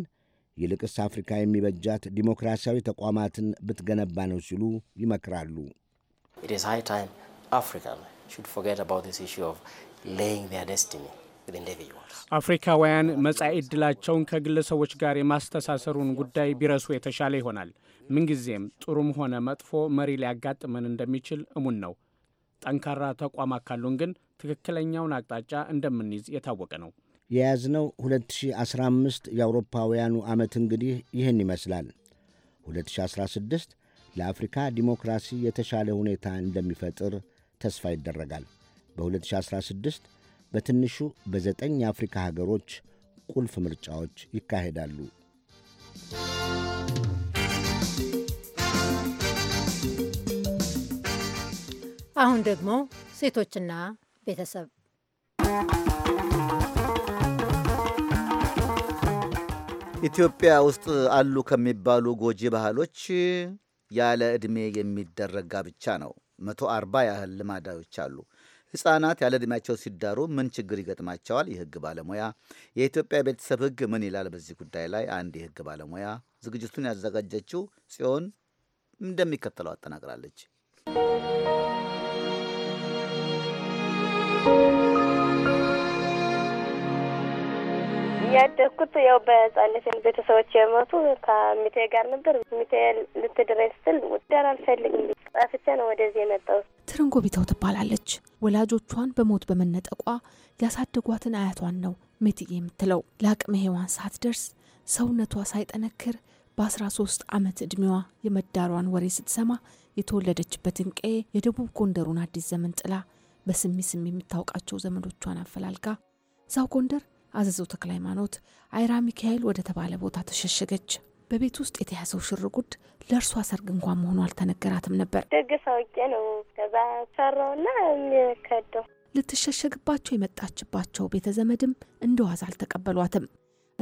ይልቅስ አፍሪካ የሚበጃት ዲሞክራሲያዊ ተቋማትን ብትገነባ ነው ሲሉ ይመክራሉ። አፍሪካውያን መጻኢ ዕድላቸውን ከግለሰቦች ጋር የማስተሳሰሩን ጉዳይ ቢረሱ የተሻለ ይሆናል። ምንጊዜም ጥሩም ሆነ መጥፎ መሪ ሊያጋጥመን እንደሚችል እሙን ነው። ጠንካራ ተቋማት ካሉን ግን ትክክለኛውን አቅጣጫ እንደምንይዝ የታወቀ ነው። የያዝነው 2015 የአውሮፓውያኑ ዓመት እንግዲህ ይህን ይመስላል። 2016 ለአፍሪካ ዲሞክራሲ የተሻለ ሁኔታ እንደሚፈጥር ተስፋ ይደረጋል። በ2016 በትንሹ በዘጠኝ የአፍሪካ ሀገሮች ቁልፍ ምርጫዎች ይካሄዳሉ። አሁን ደግሞ ሴቶችና ቤተሰብ ኢትዮጵያ ውስጥ አሉ ከሚባሉ ጎጂ ባህሎች ያለ ዕድሜ የሚደረግ ጋብቻ ነው። መቶ አርባ ያህል ልማዳዎች አሉ። ሕፃናት ያለ ዕድሜያቸው ሲዳሩ ምን ችግር ይገጥማቸዋል? የሕግ ባለሙያ የኢትዮጵያ ቤተሰብ ሕግ ምን ይላል? በዚህ ጉዳይ ላይ አንድ የሕግ ባለሙያ ዝግጅቱን ያዘጋጀችው ሲሆን እንደሚከተለው አጠናቅራለች። ያደግኩት ያው በህጻነት ቤተሰቦች የሞቱ ከሚቴ ጋር ነበር። ሚቴ ልትድረኝ ስትል ዳር አልፈልግም ጠፍቼ ነው ወደዚህ የመጣው። ትርንጎ ቢተው ትባላለች። ወላጆቿን በሞት በመነጠቋ ያሳደጓትን አያቷን ነው ሜትዬ የምትለው። ለአቅመ ሔዋን ሳትደርስ ሰውነቷ ሳይጠነክር በአስራ ሶስት አመት እድሜዋ የመዳሯን ወሬ ስትሰማ የተወለደችበትን ቀዬ የደቡብ ጎንደሩን አዲስ ዘመን ጥላ በስሚ ስሚ የምታውቃቸው ዘመዶቿን አፈላልጋ ዛው ጎንደር አዘዘው ተክለ ሃይማኖት አይራ ሚካኤል ወደ ተባለ ቦታ ተሸሸገች። በቤት ውስጥ የተያዘው ሽርጉድ ለእርሷ ሰርግ እንኳን መሆኑ አልተነገራትም ነበር። ደግ ነው። ከዛ ሰራውና የሚከደው ልትሸሸግባቸው የመጣችባቸው ቤተ ዘመድም እንደ ዋዛ አልተቀበሏትም።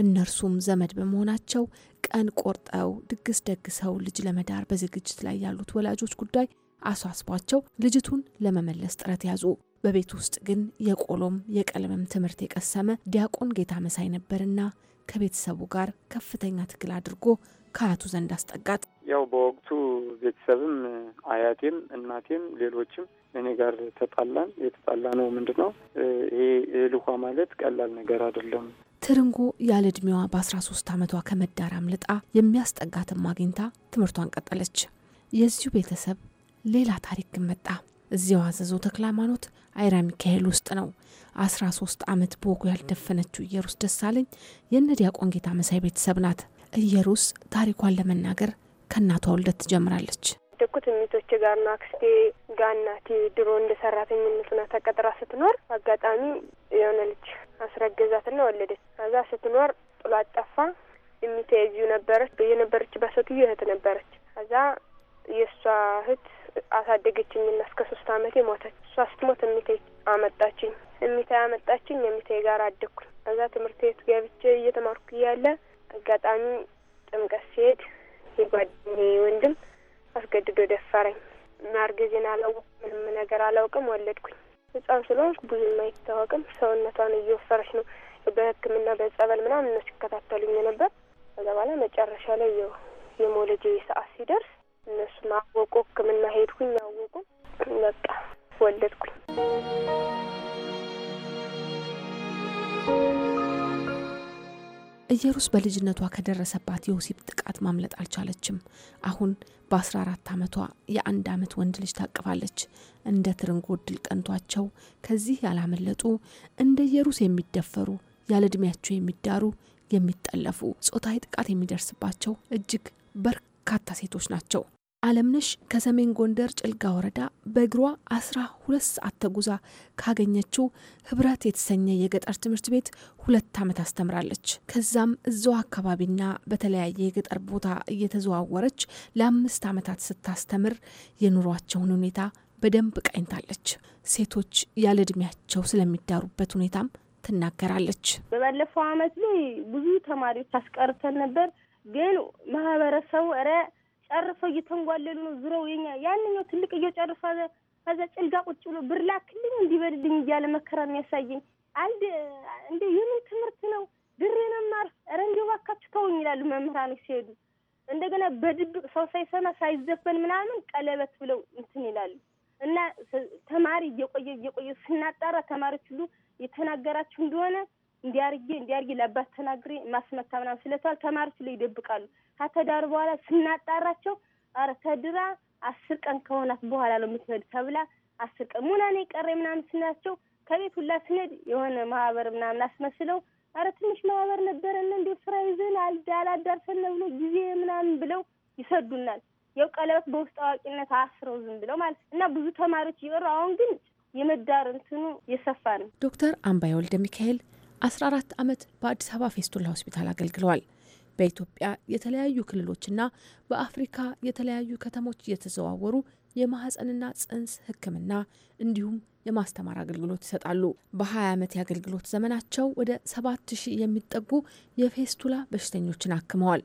እነርሱም ዘመድ በመሆናቸው ቀን ቆርጠው ድግስ ደግሰው ልጅ ለመዳር በዝግጅት ላይ ያሉት ወላጆች ጉዳይ አሳስቧቸው ልጅቱን ለመመለስ ጥረት ያዙ። በቤት ውስጥ ግን የቆሎም የቀለምም ትምህርት የቀሰመ ዲያቆን ጌታ መሳይ ነበርና ከቤተሰቡ ጋር ከፍተኛ ትግል አድርጎ ከአያቱ ዘንድ አስጠጋት። ያው በወቅቱ ቤተሰብም አያቴም እናቴም ሌሎችም እኔ ጋር ተጣላን። የተጣላ ነው ምንድን ነው ይሄ ልኳ ማለት ቀላል ነገር አይደለም። ትርንጎ ያለ ዕድሜዋ በአስራ ሶስት አመቷ ከመዳር አምልጣ የሚያስጠጋትም አግኝታ ትምህርቷን ቀጠለች። የዚሁ ቤተሰብ ሌላ ታሪክ ግን መጣ። እዚያው አዘዞ ተክለ ሃይማኖት አይራ ሚካኤል ውስጥ ነው። አስራ ሶስት ዓመት በወጉ ያልደፈነችው እየሩስ ደሳለኝ የነ ዲያቆን ጌታ መሳይ ቤተሰብ ናት። እየሩስ ታሪኳን ለመናገር ከእናቷ ውልደት ትጀምራለች። ያደግኩት ሚቶች ጋር ነው። አክስቴ ጋር እናቴ ድሮ እንደ ሰራተኝነት ና ተቀጥራ ስትኖር አጋጣሚ የሆነ ልጅ አስረገዛት ና ወለደች። ከዛ ስትኖር ጥሏት ጠፋ። የሚተያዩ ነበረች። የነበረች በሰቱ እህት ነበረች። ከዛ የእሷ እህት አሳደገችኝ እና እስከ ሶስት አመቴ ሞተች። እሷ ስትሞት እሚቴ አመጣችኝ። እሚቴ አመጣችኝ። እሚቴ ጋር አደግኩኝ። ከዛ ትምህርት ቤት ገብቼ እየተማርኩ እያለ አጋጣሚ ጥምቀት ሲሄድ የጓደኛዬ ወንድም አስገድዶ ደፈረኝ። ማርገዜን አላወቅኩም። ምንም ነገር አላውቅም። ወለድኩኝ። ህጻን ስለሆንኩ ብዙም አይታወቅም። ሰውነቷን እየወፈረች ነው። በህክምና በጸበል ምናምን ነው ሲከታተሉኝ ነበር። ከዛ በኋላ መጨረሻ ላይ የሞለጄ ሰዓት ሲደርስ እነሱም አወቁ። ሕክምና ሄድኩኝ፣ አወቁ። በቃ ወለድኩኝ። ኢየሩስ በልጅነቷ ከደረሰባት የወሲብ ጥቃት ማምለጥ አልቻለችም። አሁን በ14 ዓመቷ የአንድ ዓመት ወንድ ልጅ ታቅፋለች። እንደ ትርንጎ ድል ቀንቷቸው ከዚህ ያላመለጡ እንደ ኢየሩስ የሚደፈሩ ያለ ዕድሜያቸው የሚዳሩ የሚጠለፉ፣ ጾታዊ ጥቃት የሚደርስባቸው እጅግ በርካታ ሴቶች ናቸው። አለምነሽ ከሰሜን ጎንደር ጭልጋ ወረዳ በእግሯ አስራ ሁለት ሰዓት ተጉዛ ካገኘችው ህብረት የተሰኘ የገጠር ትምህርት ቤት ሁለት ዓመት አስተምራለች። ከዛም እዛው አካባቢና በተለያየ የገጠር ቦታ እየተዘዋወረች ለአምስት ዓመታት ስታስተምር የኑሯቸውን ሁኔታ በደንብ ቃኝታለች። ሴቶች ያለ እድሜያቸው ስለሚዳሩበት ሁኔታም ትናገራለች። በባለፈው አመት ላይ ብዙ ተማሪዎች አስቀርተን ነበር፣ ግን ማህበረሰቡ ረ ጨርሰው እየተንጓለሉ ነው። ዙረው የኛ ያንኛው ትልቅ እየጨርሰ ከዛ ጭልጋ ቁጭ ብሎ ብር ላክልኝ እንዲበልልኝ እያለ መከራ የሚያሳየኝ አንድ እንደ የምን ትምህርት ነው? ብሬን ማር ረንጆ ባካችሁ ተውኝ ይላሉ መምህራኖች ሲሄዱ። እንደገና በድብቅ ሰው ሳይሰማ ሳይዘፈን ምናምን ቀለበት ብለው እንትን ይላሉ። እና ተማሪ እየቆየ እየቆየ ስናጣራ ተማሪዎች ሁሉ የተናገራችሁ እንደሆነ እንዲያርጊ እንዲያርጊ ለአባት ተናግሬ ማስመታ ምናምን ስለተባለ ተማሪዎች ላይ ይደብቃሉ። ከተዳሩ በኋላ ስናጣራቸው አረ ተድራ አስር ቀን ከሆናት በኋላ ነው የምትሄድ ተብላ አስር ቀን ሙና ነው የቀረ ምናምን ስናቸው ከቤት ሁላ ስንሄድ የሆነ ማህበር ምናምን አስመስለው አረ ትንሽ ማህበር ነበረና እንዲ ስራ ይዘን አላዳርሰን ብሎ ጊዜ ምናምን ብለው ይሰዱናል። ያው ቀለበት በውስጥ አዋቂነት አስረው ዝም ብለው ማለት እና ብዙ ተማሪዎች ይቀሩ። አሁን ግን የመዳር እንትኑ የሰፋ ነው። ዶክተር አምባይ ወልደ ሚካኤል 14 ዓመት በአዲስ አበባ ፌስቱላ ሆስፒታል አገልግለዋል። በኢትዮጵያ የተለያዩ ክልሎችና በአፍሪካ የተለያዩ ከተሞች እየተዘዋወሩ የማህፀንና ጽንስ ሕክምና እንዲሁም የማስተማር አገልግሎት ይሰጣሉ። በ20 ዓመት የአገልግሎት ዘመናቸው ወደ 7000 የሚጠጉ የፌስቱላ በሽተኞችን አክመዋል።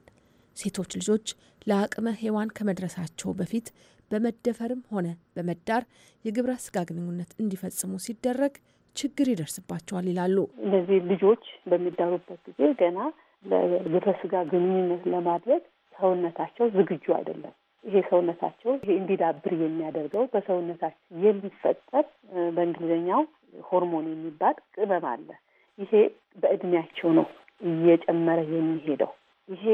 ሴቶች ልጆች ለአቅመ ሔዋን ከመድረሳቸው በፊት በመደፈርም ሆነ በመዳር የግብረ ስጋ ግንኙነት እንዲፈጽሙ ሲደረግ ችግር ይደርስባቸዋል ይላሉ። እነዚህ ልጆች በሚዳሩበት ጊዜ ገና ለግብረ ስጋ ግንኙነት ለማድረግ ሰውነታቸው ዝግጁ አይደለም። ይሄ ሰውነታቸው ይሄ እንዲዳብር የሚያደርገው በሰውነታቸው የሚፈጠር በእንግሊዝኛው ሆርሞን የሚባል ቅመም አለ። ይሄ በእድሜያቸው ነው እየጨመረ የሚሄደው። ይሄ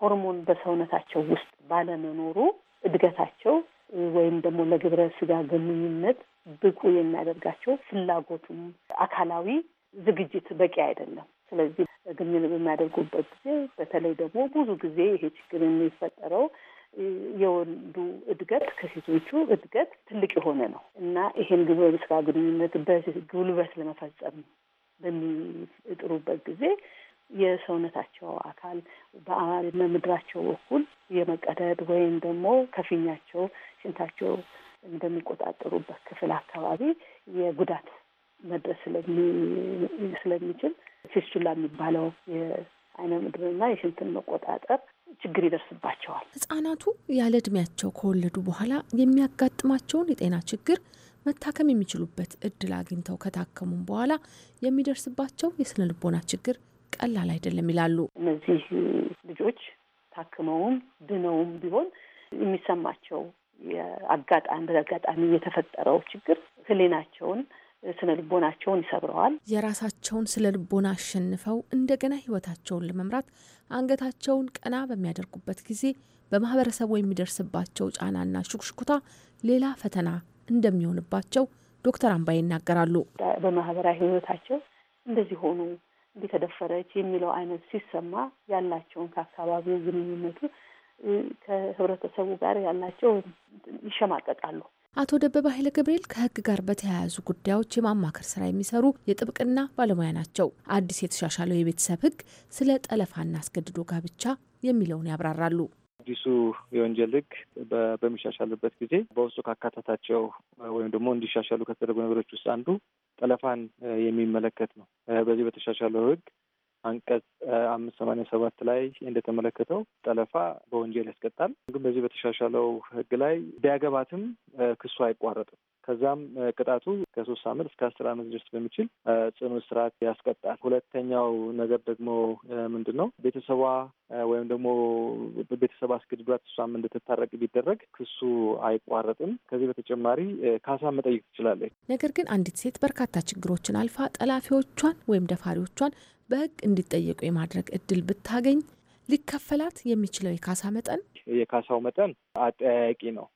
ሆርሞን በሰውነታቸው ውስጥ ባለመኖሩ እድገታቸው ወይም ደግሞ ለግብረ ስጋ ግንኙነት ብቁ የሚያደርጋቸው ፍላጎቱም አካላዊ ዝግጅት በቂ አይደለም። ስለዚህ ግንኙነት በሚያደርጉበት ጊዜ በተለይ ደግሞ ብዙ ጊዜ ይሄ ችግር የሚፈጠረው የወንዱ እድገት ከሴቶቹ እድገት ትልቅ የሆነ ነው እና ይሄን ግብረ ስጋ ግንኙነት በጉልበት ለመፈጸም በሚጥሩበት ጊዜ የሰውነታቸው አካል ምድራቸው በኩል የመቀደድ ወይም ደግሞ ከፊኛቸው ሽንታቸው እንደሚቆጣጠሩበት ክፍል አካባቢ የጉዳት መድረስ ስለሚችል ፊስቹላ የሚባለው የአይነ ምድርና የሽንትን መቆጣጠር ችግር ይደርስባቸዋል። ህጻናቱ ያለ እድሜያቸው ከወለዱ በኋላ የሚያጋጥማቸውን የጤና ችግር መታከም የሚችሉበት እድል አግኝተው ከታከሙም በኋላ የሚደርስባቸው የስነ ልቦና ችግር ቀላል አይደለም ይላሉ። እነዚህ ልጆች ታክመውም ድነውም ቢሆን የሚሰማቸው የአጋጣሚ በአጋጣሚ የተፈጠረው ችግር ህሊናቸውን ስነ ልቦናቸውን ይሰብረዋል። የራሳቸውን ስነ ልቦና አሸንፈው እንደገና ህይወታቸውን ለመምራት አንገታቸውን ቀና በሚያደርጉበት ጊዜ በማህበረሰቡ የሚደርስባቸው ጫናና ሹክሹክታ ሌላ ፈተና እንደሚሆንባቸው ዶክተር አምባይ ይናገራሉ። በማህበራዊ ህይወታቸው እንደዚህ ሆኑ እንዲተደፈረች የሚለው አይነት ሲሰማ ያላቸውን ከአካባቢው ግንኙነቱ ከህብረተሰቡ ጋር ያላቸው ይሸማቀቃሉ። አቶ ደበበ ኃይለ ገብርኤል ከህግ ጋር በተያያዙ ጉዳዮች የማማከር ስራ የሚሰሩ የጥብቅና ባለሙያ ናቸው። አዲስ የተሻሻለው የቤተሰብ ህግ ስለ ጠለፋና አስገድዶ ጋብቻ የሚለውን ያብራራሉ። አዲሱ የወንጀል ህግ በሚሻሻልበት ጊዜ በውስጡ ካካተታቸው ወይም ደግሞ እንዲሻሻሉ ከተደረጉ ነገሮች ውስጥ አንዱ ጠለፋን የሚመለከት ነው። በዚህ በተሻሻለው ህግ አንቀጽ አምስት ሰማንያ ሰባት ላይ እንደተመለከተው ጠለፋ በወንጀል ያስቀጣል። ግን በዚህ በተሻሻለው ህግ ላይ ቢያገባትም ክሱ አይቋረጥም። ከዛም ቅጣቱ ከሶስት ዓመት እስከ አስር ዓመት ድረስ በሚችል ጽኑ እስራት ያስቀጣል። ሁለተኛው ነገር ደግሞ ምንድን ነው? ቤተሰቧ ወይም ደግሞ ቤተሰብ አስገድዷት እሷም እንድትታረቅ ቢደረግ ክሱ አይቋረጥም። ከዚህ በተጨማሪ ካሳ መጠየቅ ትችላለች። ነገር ግን አንዲት ሴት በርካታ ችግሮችን አልፋ ጠላፊዎቿን ወይም ደፋሪዎቿን በህግ እንዲጠየቁ የማድረግ እድል ብታገኝ ሊከፈላት የሚችለው የካሳ መጠን የካሳው መጠን አጠያያቂ ነው።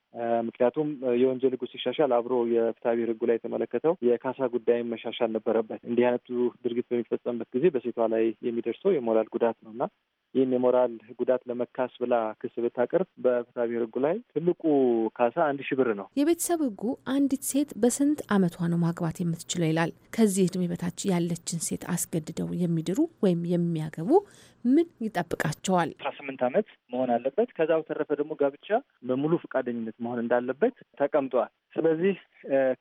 ምክንያቱም የወንጀል ህጉ ሲሻሻል አብሮ የፍትሐብሔር ህጉ ላይ የተመለከተው የካሳ ጉዳይ መሻሻል ነበረበት። እንዲህ አይነቱ ድርጊት በሚፈጸምበት ጊዜ በሴቷ ላይ የሚደርሰው የሞራል ጉዳት ነው እና ይህን የሞራል ጉዳት ለመካስ ብላ ክስ ብታቀርብ በፍትሐ ብሔር ህጉ ላይ ትልቁ ካሳ አንድ ሺህ ብር ነው። የቤተሰብ ህጉ አንዲት ሴት በስንት አመቷ ነው ማግባት የምትችለው ይላል። ከዚህ እድሜ በታች ያለችን ሴት አስገድደው የሚድሩ ወይም የሚያገቡ ምን ይጠብቃቸዋል? አስራ ስምንት ዓመት መሆን አለበት። ከዛ በተረፈ ደግሞ ጋብቻ በሙሉ ፈቃደኝነት መሆን እንዳለበት ተቀምጧል። ስለዚህ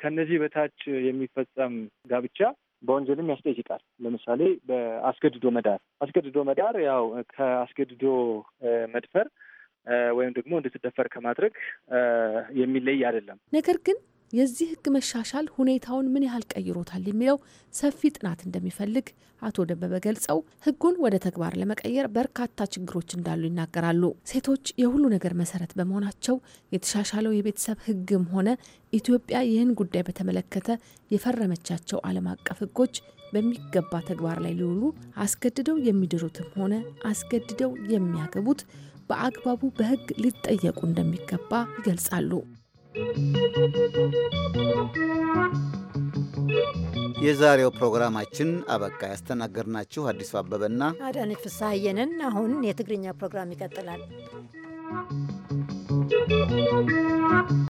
ከነዚህ በታች የሚፈጸም ጋብቻ በወንጀልም ያስጠይቃል። ለምሳሌ በአስገድዶ መዳር አስገድዶ መዳር ያው ከአስገድዶ መድፈር ወይም ደግሞ እንድትደፈር ከማድረግ የሚለይ አይደለም። ነገር ግን የዚህ ህግ መሻሻል ሁኔታውን ምን ያህል ቀይሮታል የሚለው ሰፊ ጥናት እንደሚፈልግ አቶ ደበበ ገልጸው ህጉን ወደ ተግባር ለመቀየር በርካታ ችግሮች እንዳሉ ይናገራሉ። ሴቶች የሁሉ ነገር መሰረት በመሆናቸው የተሻሻለው የቤተሰብ ህግም ሆነ ኢትዮጵያ ይህን ጉዳይ በተመለከተ የፈረመቻቸው ዓለም አቀፍ ህጎች በሚገባ ተግባር ላይ ሊውሉ አስገድደው የሚድሩትም ሆነ አስገድደው የሚያገቡት በአግባቡ በህግ ሊጠየቁ እንደሚገባ ይገልጻሉ። የዛሬው ፕሮግራማችን አበቃ። ያስተናገድናችሁ አዲሱ አበበና አዳነች ፍስሐየንን። አሁን የትግርኛ ፕሮግራም ይቀጥላል።